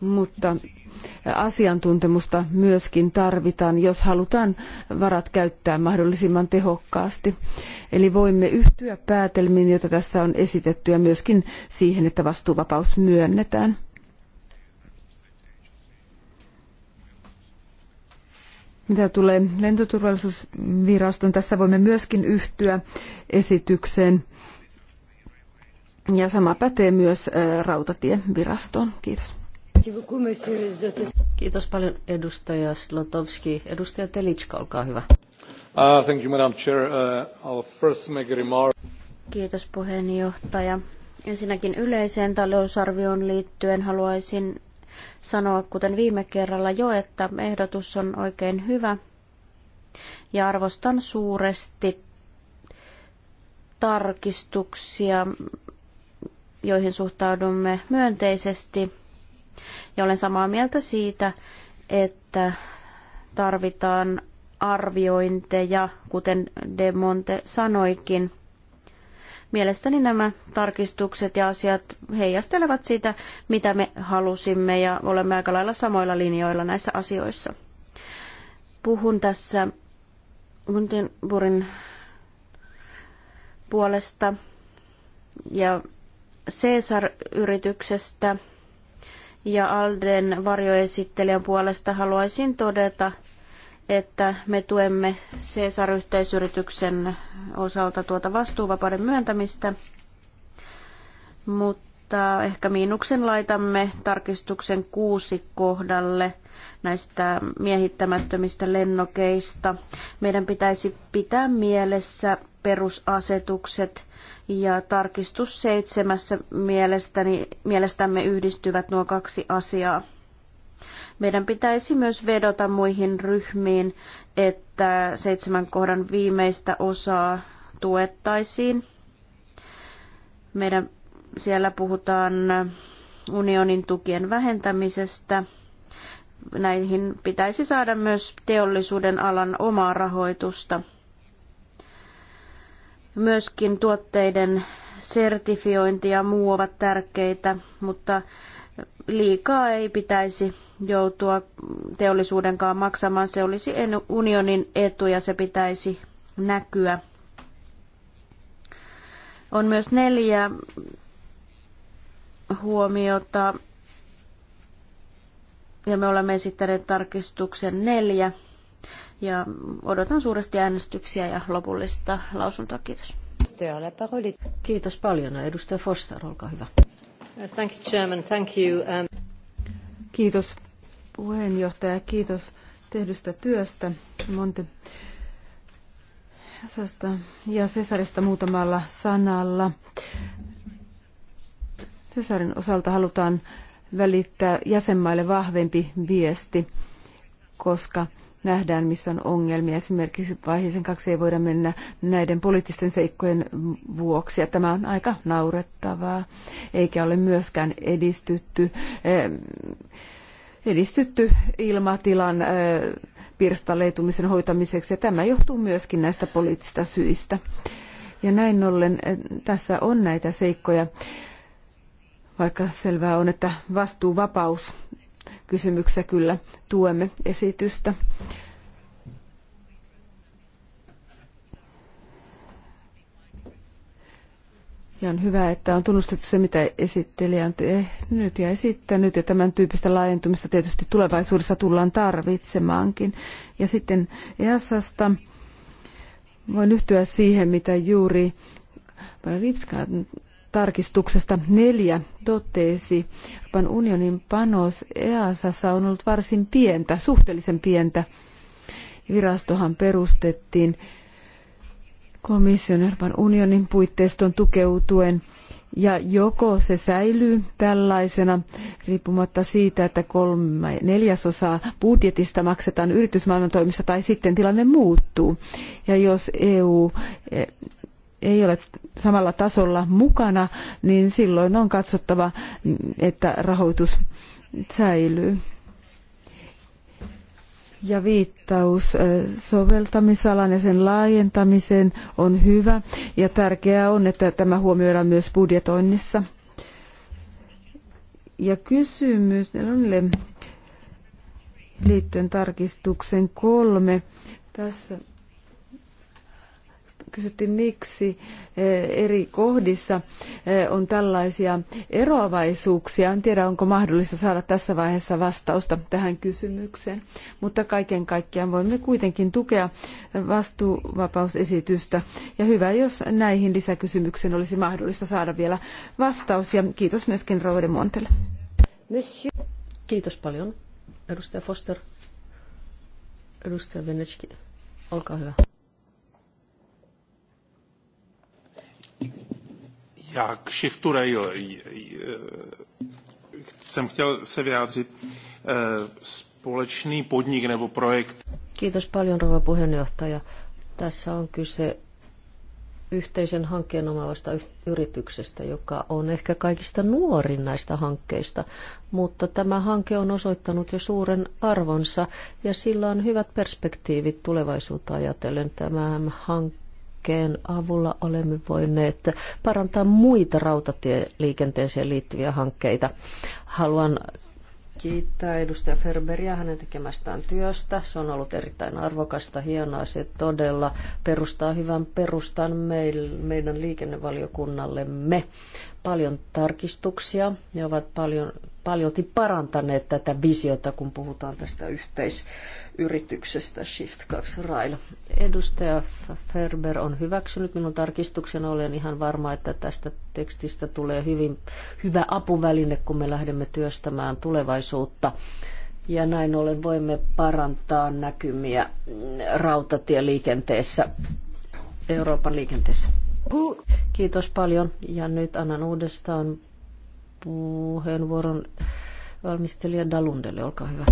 mutta asiantuntemusta myöskin tarvitaan, jos halutaan varat käyttää mahdollisimman tehokkaasti. Eli voimme yhtyä päätelmiin, joita tässä on esitetty, ja myöskin siihen, että vastuuvapaus myönnetään. Mitä tulee lentoturvallisuusviraston, tässä voimme myöskin yhtyä esitykseen. Ja sama pätee myös rautatievirastoon. Kiitos. Kiitos paljon edustaja Slotovski. Edustaja Telitska, olkaa hyvä. Uh, thank you, Madam Chair. Uh, I'll first make a remark. Kiitos puheenjohtaja. Ensinnäkin yleiseen talousarvioon liittyen haluaisin sanoa, kuten viime kerralla jo, että ehdotus on oikein hyvä ja arvostan suuresti tarkistuksia, joihin suhtaudumme myönteisesti. Ja olen samaa mieltä siitä, että tarvitaan arviointeja, kuten De Monte sanoikin. Mielestäni nämä tarkistukset ja asiat heijastelevat sitä, mitä me halusimme ja olemme aika lailla samoilla linjoilla näissä asioissa. Puhun tässä Muntinburin puolesta ja Cesar-yrityksestä – ja Alden varjoesittelijän puolesta haluaisin todeta, että me tuemme Cesar-yhteisyrityksen osalta tuota vastuuvapauden myöntämistä, mutta ehkä miinuksen laitamme tarkistuksen kuusi kohdalle näistä miehittämättömistä lennokeista. Meidän pitäisi pitää mielessä perusasetukset ja tarkistus seitsemässä mielestäni, mielestämme yhdistyvät nuo kaksi asiaa. Meidän pitäisi myös vedota muihin ryhmiin, että seitsemän kohdan viimeistä osaa tuettaisiin. Meidän siellä puhutaan unionin tukien vähentämisestä. Näihin pitäisi saada myös teollisuuden alan omaa rahoitusta. Myöskin tuotteiden sertifiointi ja muu ovat tärkeitä, mutta liikaa ei pitäisi joutua teollisuudenkaan maksamaan. Se olisi unionin etu ja se pitäisi näkyä. On myös neljä huomiota ja me olemme esittäneet tarkistuksen neljä. Ja odotan suuresti äänestyksiä ja lopullista lausuntoa. Kiitos. Kiitos paljon. Edustaja Foster, olkaa hyvä. Thank you, Chairman. Thank you. Um, Kiitos puheenjohtaja. Kiitos tehdystä työstä. Monte ja Cesarista muutamalla sanalla. Cesarin osalta halutaan välittää jäsenmaille vahvempi viesti, koska nähdään, missä on ongelmia. Esimerkiksi vaiheeseen kaksi ei voida mennä näiden poliittisten seikkojen vuoksi. Ja tämä on aika naurettavaa, eikä ole myöskään edistytty, edistytty ilmatilan pirstaleitumisen hoitamiseksi. Ja tämä johtuu myöskin näistä poliittisista syistä. Ja näin ollen tässä on näitä seikkoja, vaikka selvää on, että vastuuvapaus kysymyksessä kyllä tuemme esitystä. Ja on hyvä, että on tunnustettu se, mitä esittelijä on tehnyt ja esittänyt, ja tämän tyyppistä laajentumista tietysti tulevaisuudessa tullaan tarvitsemaankin. Ja sitten EASasta voin yhtyä siihen, mitä juuri tarkistuksesta neljä totesi, Euroopan unionin panos EASassa on ollut varsin pientä, suhteellisen pientä. Virastohan perustettiin komission Euroopan unionin puitteiston tukeutuen ja joko se säilyy tällaisena riippumatta siitä, että kolme neljäsosaa budjetista maksetaan yritysmaailman toimista tai sitten tilanne muuttuu. Ja jos EU ei ole samalla tasolla mukana, niin silloin on katsottava, että rahoitus säilyy. Ja viittaus soveltamisalan ja sen laajentamiseen on hyvä ja tärkeää on, että tämä huomioidaan myös budjetoinnissa. Ja kysymys liittyen tarkistuksen kolme. Tässä kysyttiin, miksi eh, eri kohdissa eh, on tällaisia eroavaisuuksia. En tiedä, onko mahdollista saada tässä vaiheessa vastausta tähän kysymykseen, mutta kaiken kaikkiaan voimme kuitenkin tukea vastuuvapausesitystä. Ja hyvä, jos näihin lisäkysymyksiin olisi mahdollista saada vielä vastaus. Ja kiitos myöskin Roude Montelle. Monsieur. Kiitos paljon, edustaja Foster. Edustaja Venetski, olkaa hyvä. Já k shiftu rail jsem chtěl se vyjádřit. E, společný podnik nebo projekt. Kiitos paljon, rova puheenjohtaja. Tässä on kyse yhteisen hankkeen omaavasta yrityksestä, joka on ehkä kaikista nuorin näistä hankkeista, mutta tämä hanke on osoittanut jo suuren arvonsa ja sillä on hyvät perspektiivit tulevaisuutta ajatellen. Tämä hanke hankkeen avulla olemme voineet parantaa muita rautatieliikenteeseen liittyviä hankkeita. Haluan kiittää edustaja Ferberia hänen tekemästään työstä. Se on ollut erittäin arvokasta, hienoa. Se todella perustaa hyvän perustan meidän liikennevaliokunnallemme. Paljon tarkistuksia. Ne ovat paljon paljolti parantaneet tätä visiota, kun puhutaan tästä yhteisyrityksestä Shift 2 Rail. Edustaja Ferber on hyväksynyt minun tarkistuksen. Olen ihan varma, että tästä tekstistä tulee hyvin hyvä apuväline, kun me lähdemme työstämään tulevaisuutta. Ja näin ollen voimme parantaa näkymiä rautatieliikenteessä, Euroopan liikenteessä. Kiitos paljon ja nyt annan uudestaan puheenvuoron valmistelija Dalundelle. Olkaa hyvä.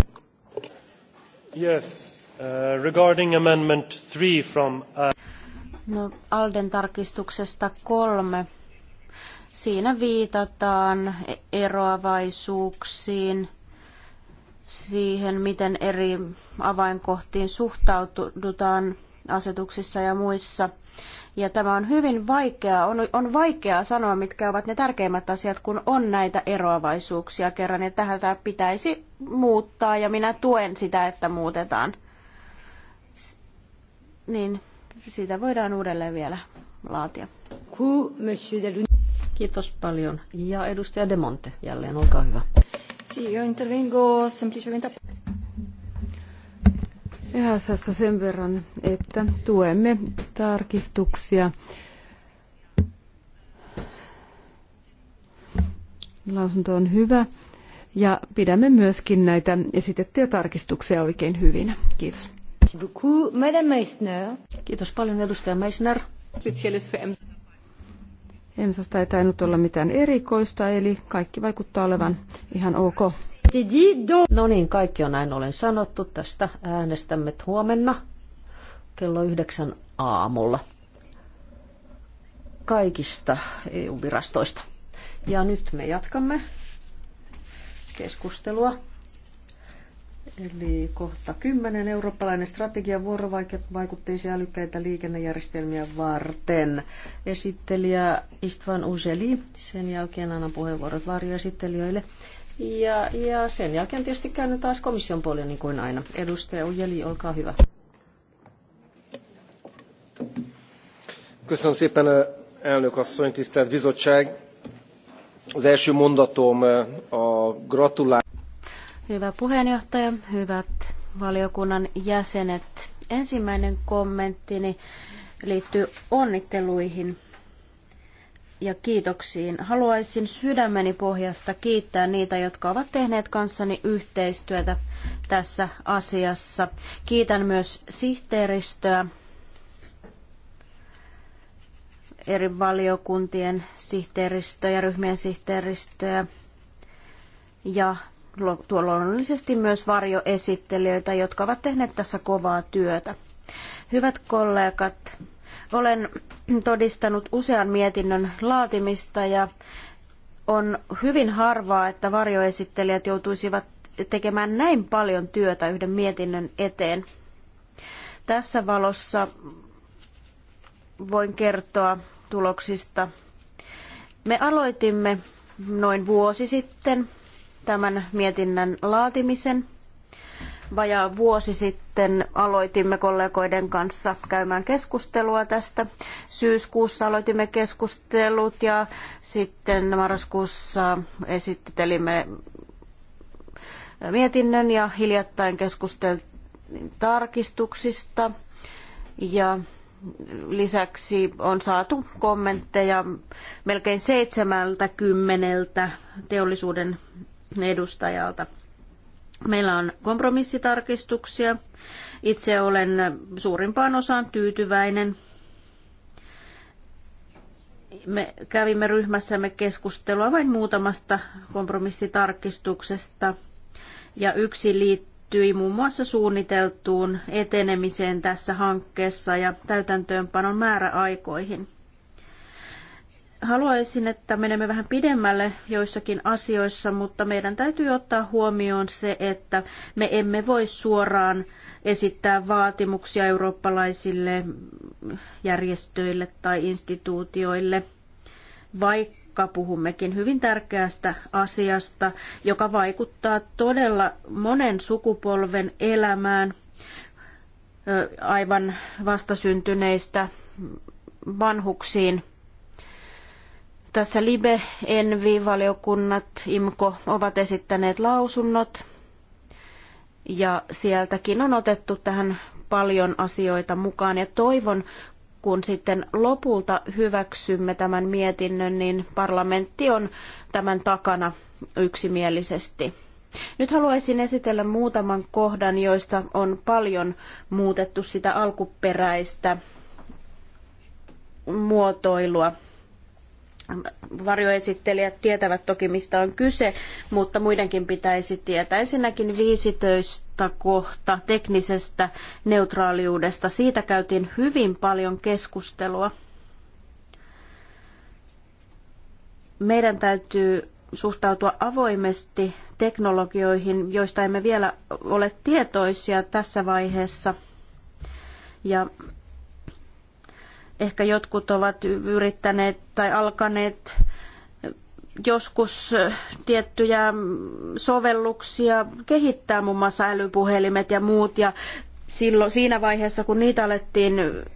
Yes, uh, regarding amendment three from... Uh... No, Alden tarkistuksesta kolme. Siinä viitataan e- eroavaisuuksiin, siihen miten eri avainkohtiin suhtaudutaan – asetuksissa ja muissa. Ja tämä on hyvin vaikeaa. On, on vaikeaa sanoa, mitkä ovat ne tärkeimmät asiat, kun on näitä eroavaisuuksia kerran. Ja tähän tämä pitäisi muuttaa ja minä tuen sitä, että muutetaan. Niin, siitä voidaan uudelleen vielä laatia. Kiitos paljon. Ja edustaja Demonte jälleen, olkaa hyvä. Si io intervengo semplicemente... EASasta sen verran, että tuemme tarkistuksia lausunto on hyvä ja pidämme myöskin näitä esitettyjä tarkistuksia oikein hyvinä. Kiitos. Kiitos paljon edustaja Meissner. EMSasta ei tainnut olla mitään erikoista, eli kaikki vaikuttaa olevan ihan ok. No niin, kaikki on näin olen sanottu. Tästä äänestämme huomenna kello yhdeksän aamulla kaikista EU-virastoista. Ja nyt me jatkamme keskustelua. Eli kohta 10. Eurooppalainen strategia vuorovaikutteisia älykkäitä liikennejärjestelmiä varten. Esittelijä Istvan Useli. Sen jälkeen annan puheenvuorot varjoesittelijöille. esittelijöille. Ja, ja sen jälkeen tietysti käyn taas komission puolella niin kuin aina. Edustaja Ujeli, olkaa hyvä. Köszönöm szépen, elnök asszony, tisztelt bizottság. Az első mondatom a gratulál... Hyvä puheenjohtaja, hyvät valiokunnan jäsenet. Ensimmäinen kommenttini liittyy onnitteluihin ja kiitoksiin. Haluaisin sydämeni pohjasta kiittää niitä, jotka ovat tehneet kanssani yhteistyötä tässä asiassa. Kiitän myös sihteeristöä, eri valiokuntien sihteeristöjä, ja ryhmien sihteeristöjä ja tuolla luonnollisesti myös varjoesittelijöitä, jotka ovat tehneet tässä kovaa työtä. Hyvät kollegat, olen todistanut usean mietinnön laatimista ja on hyvin harvaa, että varjoesittelijät joutuisivat tekemään näin paljon työtä yhden mietinnön eteen. Tässä valossa voin kertoa tuloksista. Me aloitimme noin vuosi sitten tämän mietinnän laatimisen. Vajaa vuosi sitten aloitimme kollegoiden kanssa käymään keskustelua tästä. Syyskuussa aloitimme keskustelut ja sitten marraskuussa esittelimme mietinnön ja hiljattain keskusteltiin tarkistuksista. Ja lisäksi on saatu kommentteja melkein 70 teollisuuden edustajalta. Meillä on kompromissitarkistuksia. Itse olen suurimpaan osaan tyytyväinen. Me kävimme ryhmässämme keskustelua vain muutamasta kompromissitarkistuksesta ja yksi liittyi muun muassa suunniteltuun etenemiseen tässä hankkeessa ja täytäntöönpanon määräaikoihin. Haluaisin, että menemme vähän pidemmälle joissakin asioissa, mutta meidän täytyy ottaa huomioon se, että me emme voi suoraan esittää vaatimuksia eurooppalaisille järjestöille tai instituutioille, vaikka puhummekin hyvin tärkeästä asiasta, joka vaikuttaa todella monen sukupolven elämään aivan vastasyntyneistä vanhuksiin – tässä Libe, Envi, valiokunnat, IMKO ovat esittäneet lausunnot ja sieltäkin on otettu tähän paljon asioita mukaan ja toivon, kun sitten lopulta hyväksymme tämän mietinnön, niin parlamentti on tämän takana yksimielisesti. Nyt haluaisin esitellä muutaman kohdan, joista on paljon muutettu sitä alkuperäistä muotoilua. Varjoesittelijät tietävät toki, mistä on kyse, mutta muidenkin pitäisi tietää. Ensinnäkin 15 kohta teknisestä neutraaliudesta. Siitä käytiin hyvin paljon keskustelua. Meidän täytyy suhtautua avoimesti teknologioihin, joista emme vielä ole tietoisia tässä vaiheessa. Ja Ehkä jotkut ovat yrittäneet tai alkaneet joskus tiettyjä sovelluksia kehittää, muun muassa älypuhelimet ja muut, ja silloin, siinä vaiheessa, kun niitä alettiin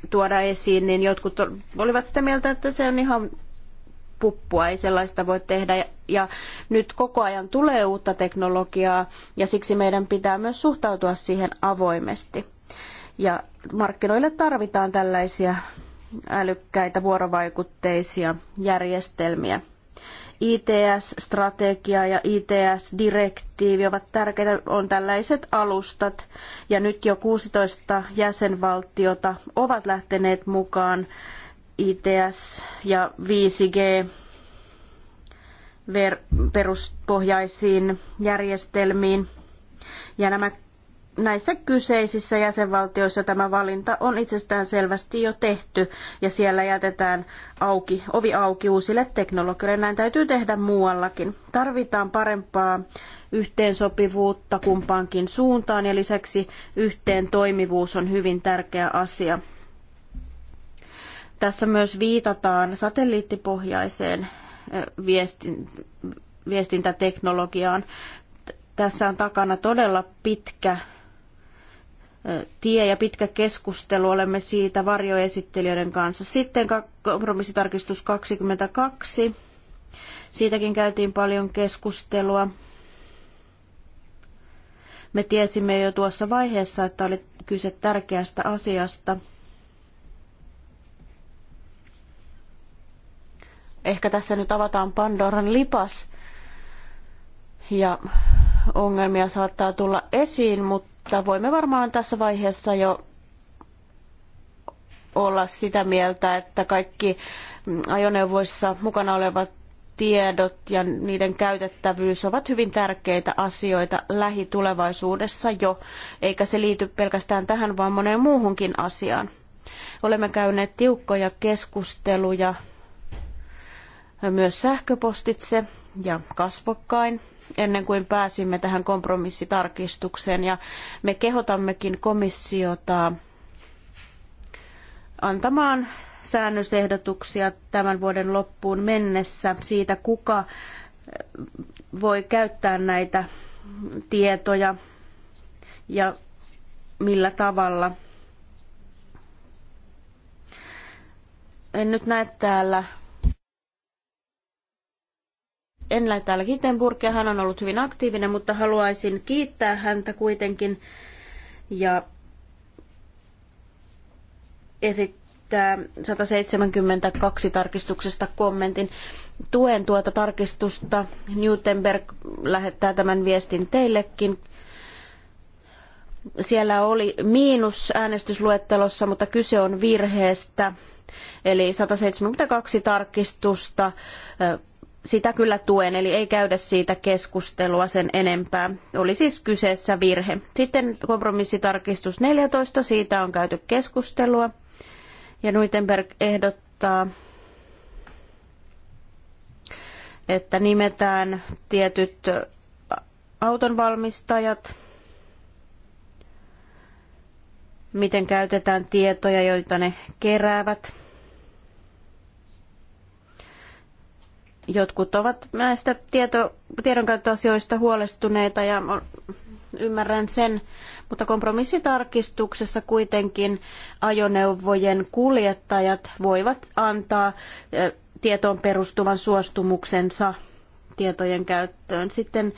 tuoda esiin, niin jotkut olivat sitä mieltä, että se on ihan puppua, ei sellaista voi tehdä. Ja nyt koko ajan tulee uutta teknologiaa ja siksi meidän pitää myös suhtautua siihen avoimesti. Ja markkinoille tarvitaan tällaisia älykkäitä vuorovaikutteisia järjestelmiä. ITS-strategia ja ITS-direktiivi ovat tärkeitä, on tällaiset alustat, ja nyt jo 16 jäsenvaltiota ovat lähteneet mukaan ITS- ja 5G peruspohjaisiin järjestelmiin. Ja nämä näissä kyseisissä jäsenvaltioissa tämä valinta on itsestään selvästi jo tehty ja siellä jätetään auki, ovi auki uusille teknologioille. Näin täytyy tehdä muuallakin. Tarvitaan parempaa yhteensopivuutta kumpaankin suuntaan ja lisäksi yhteen toimivuus on hyvin tärkeä asia. Tässä myös viitataan satelliittipohjaiseen viestintäteknologiaan. Tässä on takana todella pitkä tie ja pitkä keskustelu. Olemme siitä varjoesittelijöiden kanssa. Sitten kompromissitarkistus 22. Siitäkin käytiin paljon keskustelua. Me tiesimme jo tuossa vaiheessa, että oli kyse tärkeästä asiasta. Ehkä tässä nyt avataan Pandoran lipas ja ongelmia saattaa tulla esiin, mutta mutta voimme varmaan tässä vaiheessa jo olla sitä mieltä, että kaikki ajoneuvoissa mukana olevat tiedot ja niiden käytettävyys ovat hyvin tärkeitä asioita lähitulevaisuudessa jo, eikä se liity pelkästään tähän, vaan moneen muuhunkin asiaan. Olemme käyneet tiukkoja keskusteluja myös sähköpostitse ja kasvokkain ennen kuin pääsimme tähän kompromissitarkistukseen. Ja me kehotammekin komissiota antamaan säännösehdotuksia tämän vuoden loppuun mennessä siitä, kuka voi käyttää näitä tietoja ja millä tavalla. En nyt näe täällä en lähde täällä Gitenburgia, hän on ollut hyvin aktiivinen, mutta haluaisin kiittää häntä kuitenkin ja esittää 172 tarkistuksesta kommentin. Tuen tuota tarkistusta. Newtenberg lähettää tämän viestin teillekin. Siellä oli miinus äänestysluettelossa, mutta kyse on virheestä. Eli 172 tarkistusta sitä kyllä tuen, eli ei käydä siitä keskustelua sen enempää. Oli siis kyseessä virhe. Sitten kompromissitarkistus 14, siitä on käyty keskustelua. Ja Nuitenberg ehdottaa, että nimetään tietyt autonvalmistajat, miten käytetään tietoja, joita ne keräävät – Jotkut ovat näistä tieto, tiedonkäyttöasioista huolestuneita ja ymmärrän sen, mutta kompromissitarkistuksessa kuitenkin ajoneuvojen kuljettajat voivat antaa tietoon perustuvan suostumuksensa tietojen käyttöön. Sitten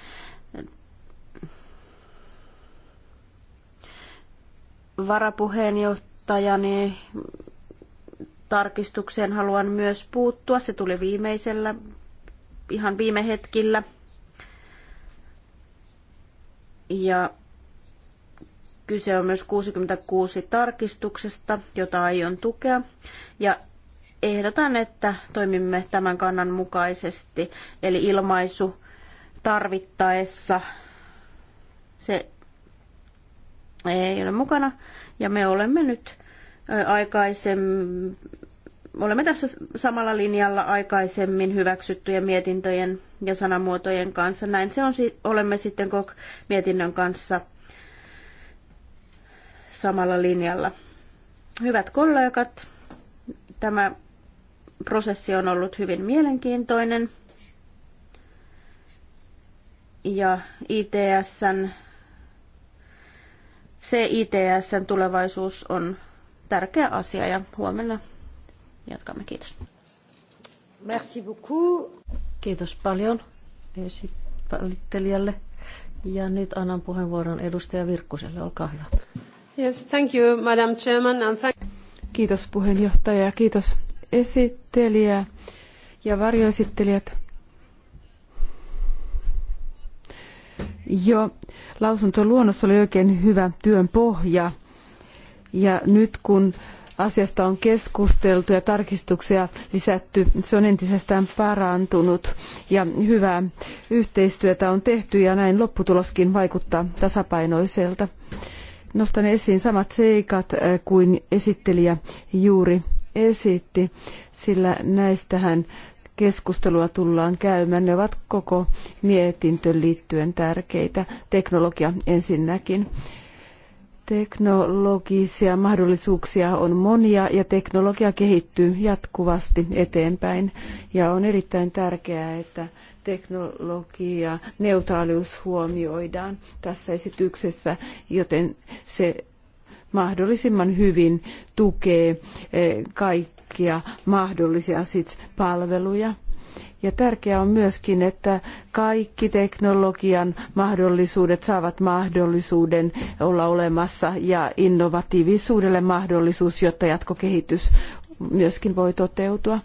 varapuheenjohtajani tarkistukseen haluan myös puuttua. Se tuli viimeisellä, ihan viime hetkillä. Ja kyse on myös 66 tarkistuksesta, jota aion tukea. Ja ehdotan, että toimimme tämän kannan mukaisesti, eli ilmaisu tarvittaessa se ei ole mukana. Ja me olemme nyt aikaisemmin, olemme tässä samalla linjalla aikaisemmin hyväksyttyjen mietintöjen ja sanamuotojen kanssa. Näin se on, olemme sitten kok mietinnön kanssa samalla linjalla. Hyvät kollegat, tämä prosessi on ollut hyvin mielenkiintoinen. Ja ITSn, se ITSn tulevaisuus on tärkeä asia ja huomenna jatkamme. Kiitos. Merci beaucoup. Kiitos paljon esittelijälle. Ja nyt annan puheenvuoron edustaja Virkkuselle. Olkaa hyvä. Yes, thank you, Madam Chairman. And thank... Kiitos puheenjohtaja ja kiitos esittelijä ja varjoesittelijät. Jo lausuntoluonnos oli oikein hyvä työn pohja ja nyt kun asiasta on keskusteltu ja tarkistuksia lisätty, se on entisestään parantunut ja hyvää yhteistyötä on tehty ja näin lopputuloskin vaikuttaa tasapainoiselta. Nostan esiin samat seikat äh, kuin esittelijä juuri esitti, sillä näistähän keskustelua tullaan käymään. Ne ovat koko mietintöön liittyen tärkeitä. Teknologia ensinnäkin Teknologisia mahdollisuuksia on monia ja teknologia kehittyy jatkuvasti eteenpäin. Ja on erittäin tärkeää, että teknologia, neutraalius huomioidaan tässä esityksessä, joten se mahdollisimman hyvin tukee eh, kaikkia mahdollisia SITS-palveluja. Ja tärkeää on myöskin, että kaikki teknologian mahdollisuudet saavat mahdollisuuden olla olemassa ja innovatiivisuudelle mahdollisuus, jotta jatkokehitys myöskin voi toteutua.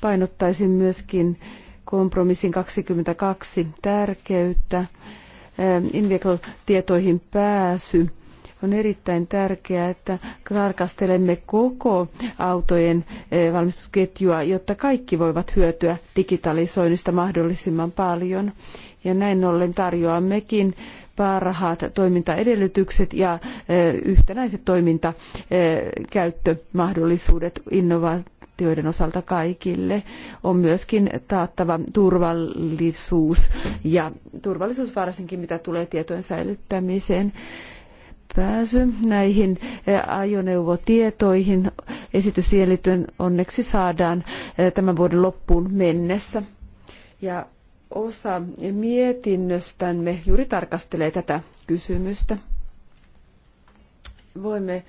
Painottaisin myöskin kompromissin 22 tärkeyttä, eh, tietoihin pääsy on erittäin tärkeää, että tarkastelemme koko autojen eh, valmistusketjua, jotta kaikki voivat hyötyä digitalisoinnista mahdollisimman paljon. Ja näin ollen tarjoammekin parhaat toimintaedellytykset ja eh, yhtenäiset toimintakäyttömahdollisuudet eh, innovaatioiden osalta kaikille. On myöskin taattava turvallisuus ja turvallisuus varsinkin mitä tulee tietojen säilyttämiseen pääsy näihin eh, ajoneuvotietoihin. Esitys siihen liittyen onneksi saadaan eh, tämän vuoden loppuun mennessä. Ja osa mietinnöstämme juuri tarkastelee tätä kysymystä. Voimme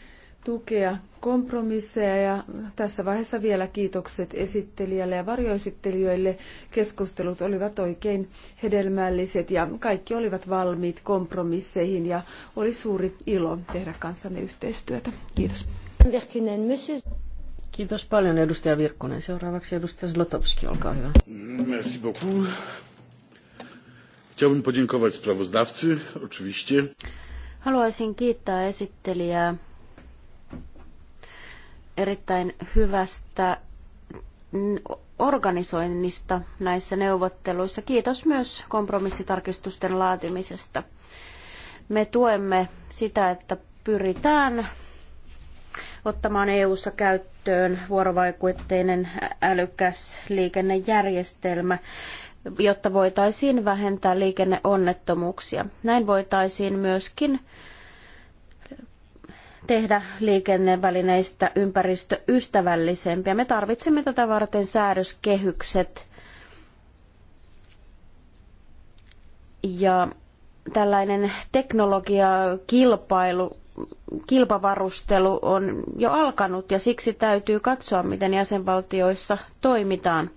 tukea kompromisseja ja tässä vaiheessa vielä kiitokset esittelijälle ja varjoesittelijöille. Keskustelut olivat oikein hedelmälliset ja kaikki olivat valmiit kompromisseihin ja oli suuri ilo tehdä kanssanne yhteistyötä. Kiitos. Kiitos paljon edustaja Virkkonen. Seuraavaksi edustaja Zlotowski, olkaa hyvä. Merci beaucoup. Chciałbym podziękować sprawozdawcy, oczywiście. Haluaisin kiittää esittelijää erittäin hyvästä organisoinnista näissä neuvotteluissa. Kiitos myös kompromissitarkistusten laatimisesta. Me tuemme sitä, että pyritään ottamaan EU-ssa käyttöön vuorovaikutteinen älykäs liikennejärjestelmä, jotta voitaisiin vähentää liikenneonnettomuuksia. Näin voitaisiin myöskin tehdä liikennevälineistä ympäristöystävällisempiä. Me tarvitsemme tätä varten säädöskehykset. Ja tällainen teknologiakilpailu, kilpavarustelu on jo alkanut ja siksi täytyy katsoa, miten jäsenvaltioissa toimitaan.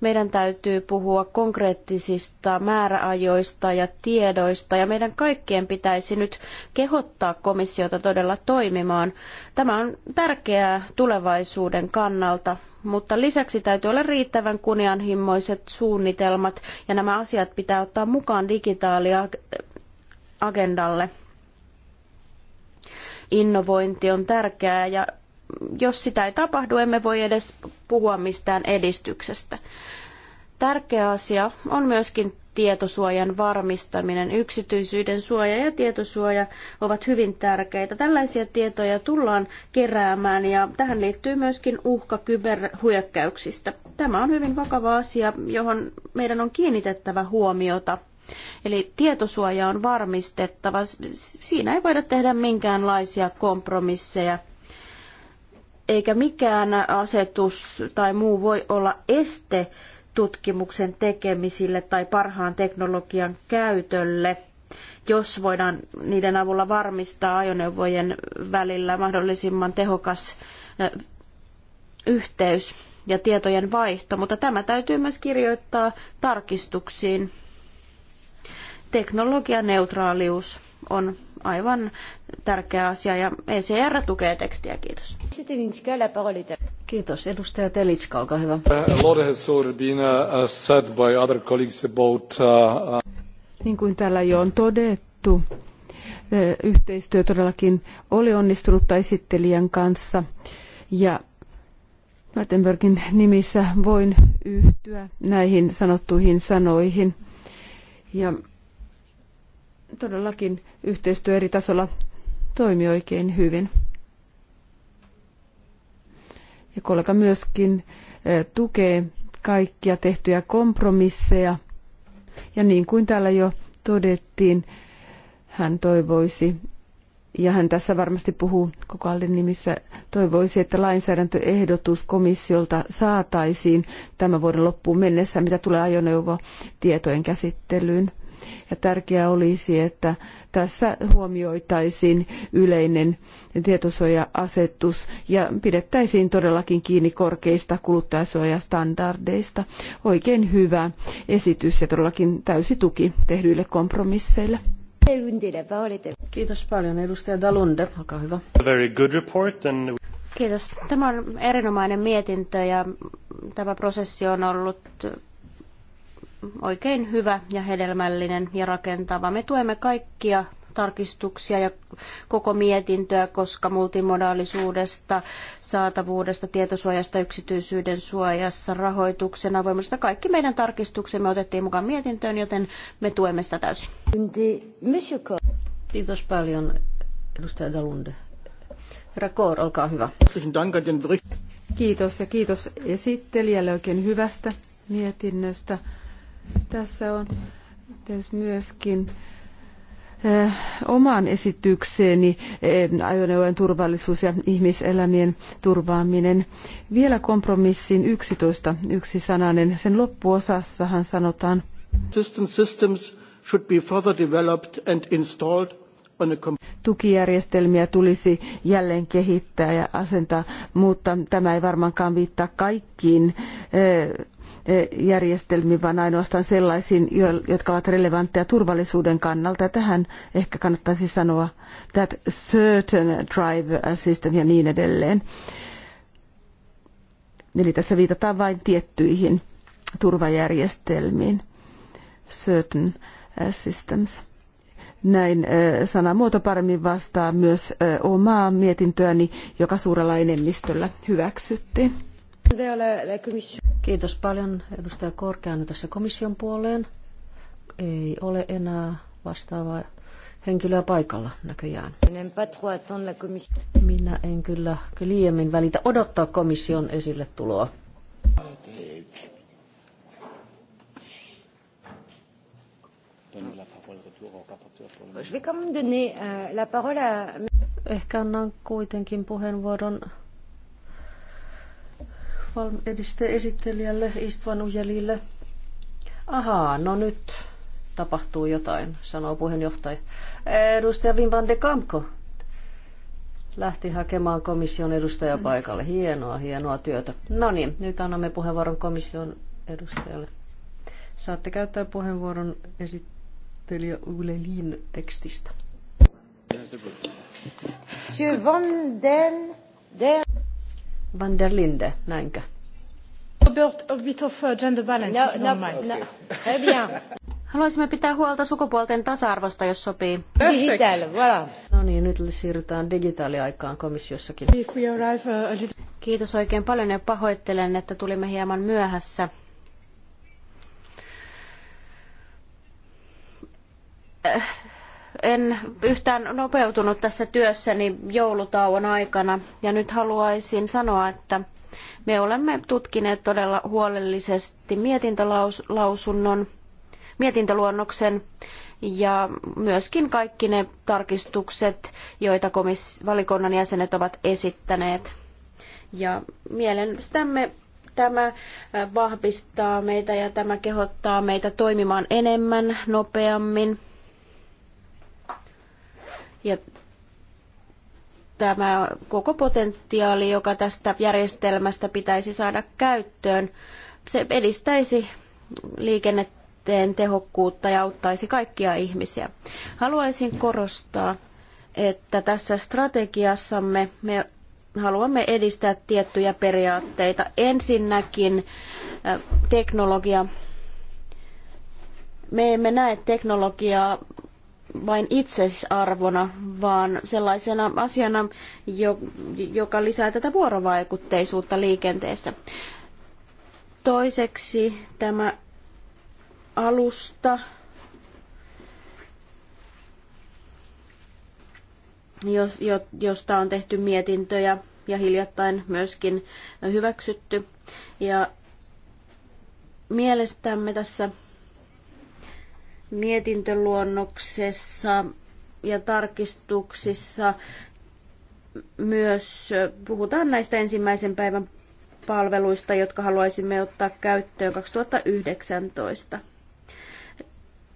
Meidän täytyy puhua konkreettisista määräajoista ja tiedoista ja meidän kaikkien pitäisi nyt kehottaa komissiota todella toimimaan. Tämä on tärkeää tulevaisuuden kannalta, mutta lisäksi täytyy olla riittävän kunnianhimoiset suunnitelmat ja nämä asiat pitää ottaa mukaan digitaaliagendalle. Innovointi on tärkeää ja jos sitä ei tapahdu, emme voi edes puhua mistään edistyksestä. Tärkeä asia on myöskin tietosuojan varmistaminen. Yksityisyyden suoja ja tietosuoja ovat hyvin tärkeitä. Tällaisia tietoja tullaan keräämään ja tähän liittyy myöskin uhka kyberhyökkäyksistä. Tämä on hyvin vakava asia, johon meidän on kiinnitettävä huomiota. Eli tietosuoja on varmistettava. Siinä ei voida tehdä minkäänlaisia kompromisseja eikä mikään asetus tai muu voi olla este tutkimuksen tekemisille tai parhaan teknologian käytölle, jos voidaan niiden avulla varmistaa ajoneuvojen välillä mahdollisimman tehokas yhteys ja tietojen vaihto, mutta tämä täytyy myös kirjoittaa tarkistuksiin. Teknologianeutraalius on aivan tärkeä asia ja ECR tukee tekstiä. Kiitos. Kiitos. Edustaja Telitska, olkaa hyvä. A uh, lot has already been uh, uh, said by other colleagues about... Niin kuin täällä jo on todettu, yhteistyö todellakin oli onnistunutta esittelijän kanssa ja Martenbergin nimissä voin yhtyä näihin sanottuihin sanoihin. Ja todellakin yhteistyö eri tasolla toimi oikein hyvin. Ja kollega myöskin eh, tukee kaikkia tehtyjä kompromisseja. Ja niin kuin täällä jo todettiin, hän toivoisi, ja hän tässä varmasti puhuu koko ajan nimissä, toivoisi, että lainsäädäntöehdotus komissiolta saataisiin tämän vuoden loppuun mennessä, mitä tulee ajoneuvotietojen käsittelyyn. Ja tärkeää olisi, että tässä huomioitaisiin yleinen tietosuoja-asetus ja pidettäisiin todellakin kiinni korkeista kuluttajasuojastandardeista. Oikein hyvä esitys ja todellakin täysi tuki tehdyille kompromisseille. Kiitos paljon. Edustaja Dalunde, olkaa hyvä. Very good report and... Kiitos. Tämä on erinomainen mietintö ja tämä prosessi on ollut oikein hyvä ja hedelmällinen ja rakentava. Me tuemme kaikkia tarkistuksia ja koko mietintöä, koska multimodaalisuudesta, saatavuudesta, tietosuojasta, yksityisyyden suojassa, rahoituksen avoimuudesta. Kaikki meidän tarkistuksemme otettiin mukaan mietintöön, joten me tuemme sitä täysin. Kiitos paljon, edustaja Dalunde. Herra olkaa hyvä. Kiitos ja kiitos esittelijälle oikein hyvästä mietinnöstä. Tässä on myöskin eh, omaan esitykseeni eh, ajoneuvojen turvallisuus ja ihmiselämien turvaaminen. Vielä kompromissin 11 yksi sananen. Sen loppuosassahan sanotaan. Tukijärjestelmiä tulisi jälleen kehittää ja asentaa, mutta tämä ei varmaankaan viittaa kaikkiin eh, järjestelmiin, vaan ainoastaan sellaisiin, jotka ovat relevantteja turvallisuuden kannalta. Ja tähän ehkä kannattaisi sanoa that certain drive assistant ja niin edelleen. Eli tässä viitataan vain tiettyihin turvajärjestelmiin. Certain systems. Näin sanamuoto paremmin vastaa myös omaa mietintöäni, joka suurella enemmistöllä hyväksyttiin. Kiitos paljon edustaja Korkean tässä komission puoleen. Ei ole enää vastaavaa henkilöä paikalla näköjään. Minä en kyllä liiemmin välitä odottaa komission esille tuloa. Euh, Ehkä annan kuitenkin puheenvuoron esittelijälle Istvan Ujelille. Ahaa, no nyt tapahtuu jotain, sanoo puheenjohtaja. Edustaja Wim van de Kampko lähti hakemaan komission edustajapaikalle. Hienoa, hienoa työtä. No niin, nyt annamme puheenvuoron komission edustajalle. Saatte käyttää puheenvuoron esittelijä Ulelin tekstistä. Van den, den. Van der Linde, näinkö? No, no, no. Haluaisimme pitää huolta sukupuolten tasa-arvosta, jos sopii. Digital, voilà. No niin, nyt siirrytään digitaaliaikaan komissiossakin. Uh, Kiitos oikein paljon ja pahoittelen, että tulimme hieman myöhässä. Äh en yhtään nopeutunut tässä työssäni joulutauon aikana ja nyt haluaisin sanoa, että me olemme tutkineet todella huolellisesti mietintölausunnon, mietintöluonnoksen ja myöskin kaikki ne tarkistukset, joita komis- valikonnan jäsenet ovat esittäneet. Ja mielestämme tämä äh, vahvistaa meitä ja tämä kehottaa meitä toimimaan enemmän, nopeammin – ja tämä koko potentiaali, joka tästä järjestelmästä pitäisi saada käyttöön, se edistäisi liikenneteen tehokkuutta ja auttaisi kaikkia ihmisiä. Haluaisin korostaa, että tässä strategiassamme me haluamme edistää tiettyjä periaatteita. Ensinnäkin teknologia. Me emme näe teknologiaa vain itsesarvona, vaan sellaisena asiana, joka lisää tätä vuorovaikutteisuutta liikenteessä. Toiseksi tämä alusta, josta on tehty mietintöjä ja hiljattain myöskin hyväksytty. Ja mielestämme tässä mietintöluonnoksessa ja tarkistuksissa myös puhutaan näistä ensimmäisen päivän palveluista, jotka haluaisimme ottaa käyttöön 2019.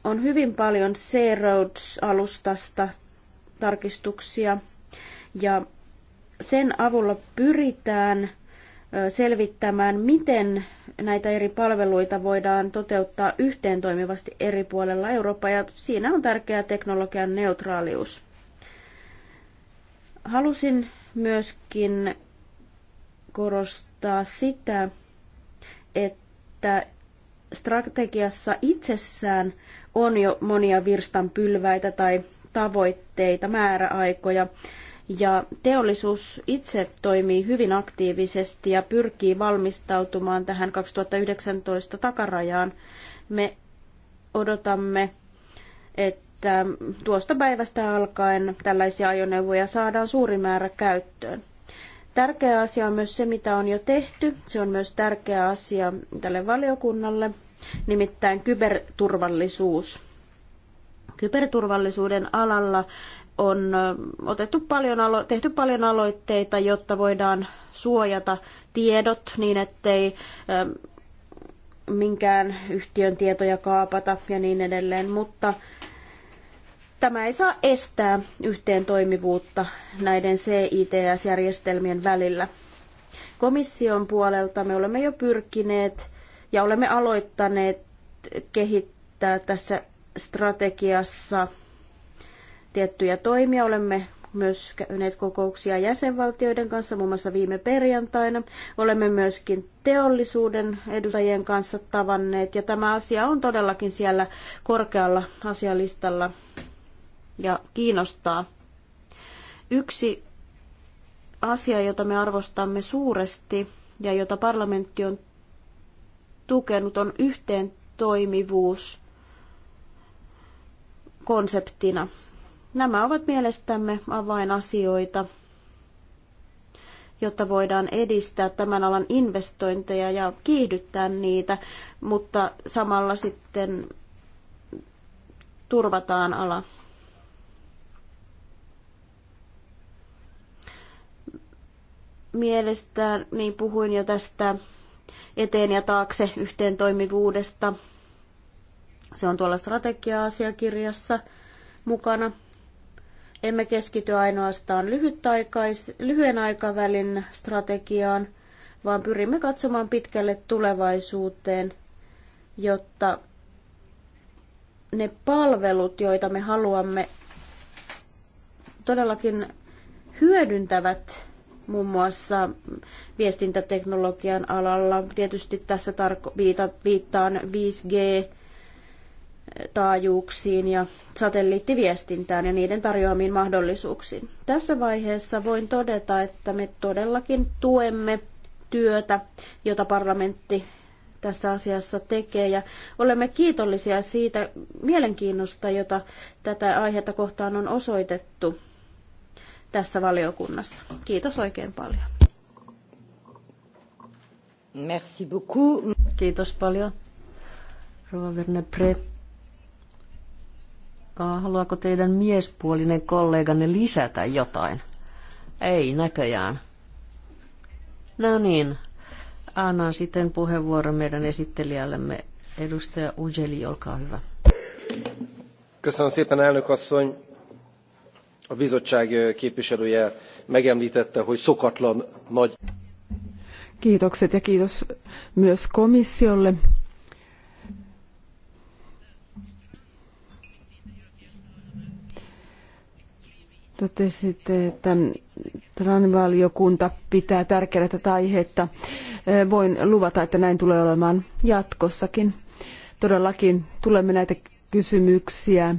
On hyvin paljon C-Roads-alustasta tarkistuksia ja sen avulla pyritään selvittämään, miten näitä eri palveluita voidaan toteuttaa yhteen toimivasti eri puolella Eurooppaa, ja siinä on tärkeää teknologian neutraalius. Halusin myöskin korostaa sitä, että strategiassa itsessään on jo monia virstanpylväitä tai tavoitteita, määräaikoja, ja teollisuus itse toimii hyvin aktiivisesti ja pyrkii valmistautumaan tähän 2019 takarajaan. Me odotamme, että tuosta päivästä alkaen tällaisia ajoneuvoja saadaan suuri määrä käyttöön. Tärkeä asia on myös se, mitä on jo tehty. Se on myös tärkeä asia tälle valiokunnalle, nimittäin kyberturvallisuus. Kyberturvallisuuden alalla on otettu paljon, tehty paljon aloitteita, jotta voidaan suojata tiedot niin, ettei minkään yhtiön tietoja kaapata ja niin edelleen, mutta tämä ei saa estää yhteen toimivuutta näiden CITS-järjestelmien välillä. Komission puolelta me olemme jo pyrkineet ja olemme aloittaneet kehittää tässä strategiassa tiettyjä toimia. Olemme myös käyneet kokouksia jäsenvaltioiden kanssa, muun muassa viime perjantaina. Olemme myöskin teollisuuden edustajien kanssa tavanneet, ja tämä asia on todellakin siellä korkealla asialistalla ja kiinnostaa. Yksi asia, jota me arvostamme suuresti ja jota parlamentti on tukenut, on yhteen toimivuus konseptina. Nämä ovat mielestämme avainasioita, jotta voidaan edistää tämän alan investointeja ja kiihdyttää niitä, mutta samalla sitten turvataan ala. Mielestäni niin puhuin jo tästä eteen ja taakse yhteen toimivuudesta. Se on tuolla strategia-asiakirjassa mukana. Emme keskity ainoastaan lyhyen aikavälin strategiaan, vaan pyrimme katsomaan pitkälle tulevaisuuteen, jotta ne palvelut, joita me haluamme, todellakin hyödyntävät muun muassa viestintäteknologian alalla. Tietysti tässä tarko- viita- viittaan 5G, taajuuksiin ja satelliittiviestintään ja niiden tarjoamiin mahdollisuuksiin. Tässä vaiheessa voin todeta, että me todellakin tuemme työtä, jota parlamentti tässä asiassa tekee ja olemme kiitollisia siitä mielenkiinnosta, jota tätä aihetta kohtaan on osoitettu tässä valiokunnassa. Kiitos oikein paljon. Merci beaucoup. Kiitos paljon. Rova Verne Prep aikaa. Haluaako teidän miespuolinen kolleganne lisätä jotain? Ei näköjään. No niin, annan sitten puheenvuoron meidän esittelijällemme. Edustaja Ujeli olkaa hyvä. Köszönöm szépen, elnök asszony. A bizottság képviselője megemlítette, hogy szokatlan nagy... Kiitokset ja kiitos myös komissiolle Totesitte, että Transvaliokunta pitää tärkeänä tätä aihetta. Voin luvata, että näin tulee olemaan jatkossakin. Todellakin tulemme näitä kysymyksiä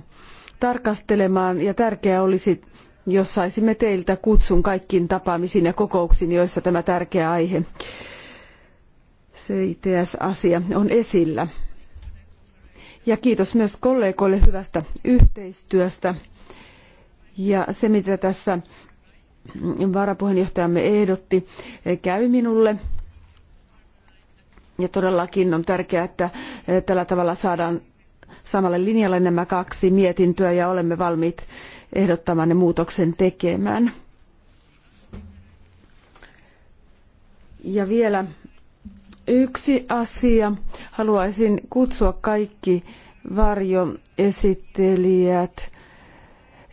tarkastelemaan ja tärkeää olisi, jos saisimme teiltä kutsun kaikkiin tapaamisiin ja kokouksiin, joissa tämä tärkeä aihe, se ITS-asia, on esillä. Ja kiitos myös kollegoille hyvästä yhteistyöstä ja se, mitä tässä varapuheenjohtajamme ehdotti, käy minulle. Ja todellakin on tärkeää, että eh, tällä tavalla saadaan samalle linjalle nämä kaksi mietintöä ja olemme valmiit ehdottamaan ne muutoksen tekemään. Ja vielä yksi asia. Haluaisin kutsua kaikki varjoesittelijät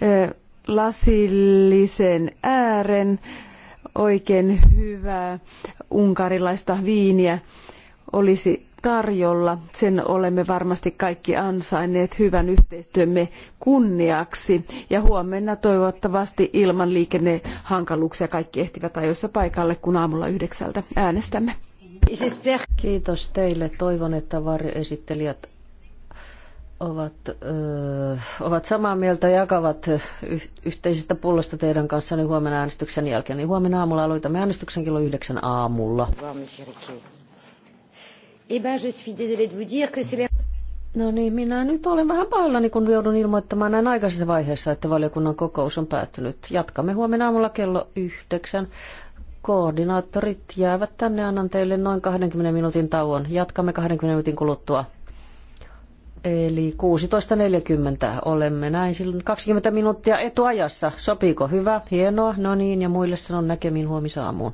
eh, lasillisen äären oikein hyvää unkarilaista viiniä olisi tarjolla. Sen olemme varmasti kaikki ansainneet hyvän yhteistyömme kunniaksi. Ja huomenna toivottavasti ilman liikennehankaluuksia kaikki ehtivät ajoissa paikalle, kun aamulla yhdeksältä äänestämme. Kiitos teille. Toivon, että varjoesittelijät ovat, ö, ovat samaa mieltä ja jakavat yhteisestä pullosta teidän kanssanne huomenna äänestyksen jälkeen. Niin huomenna aamulla aloitamme äänestyksen kello yhdeksän aamulla. Eh no niin, minä nyt olen vähän niin kun joudun ilmoittamaan näin aikaisessa vaiheessa, että valiokunnan kokous on päättynyt. Jatkamme huomenna aamulla kello yhdeksän. Koordinaattorit jäävät tänne, annan teille noin 20 minuutin tauon. Jatkamme 20 minuutin kuluttua. Eli 16.40 olemme näin silloin 20 minuuttia etuajassa. Sopiiko? Hyvä, hienoa. No niin, ja muille sanon näkemin huomisaamuun.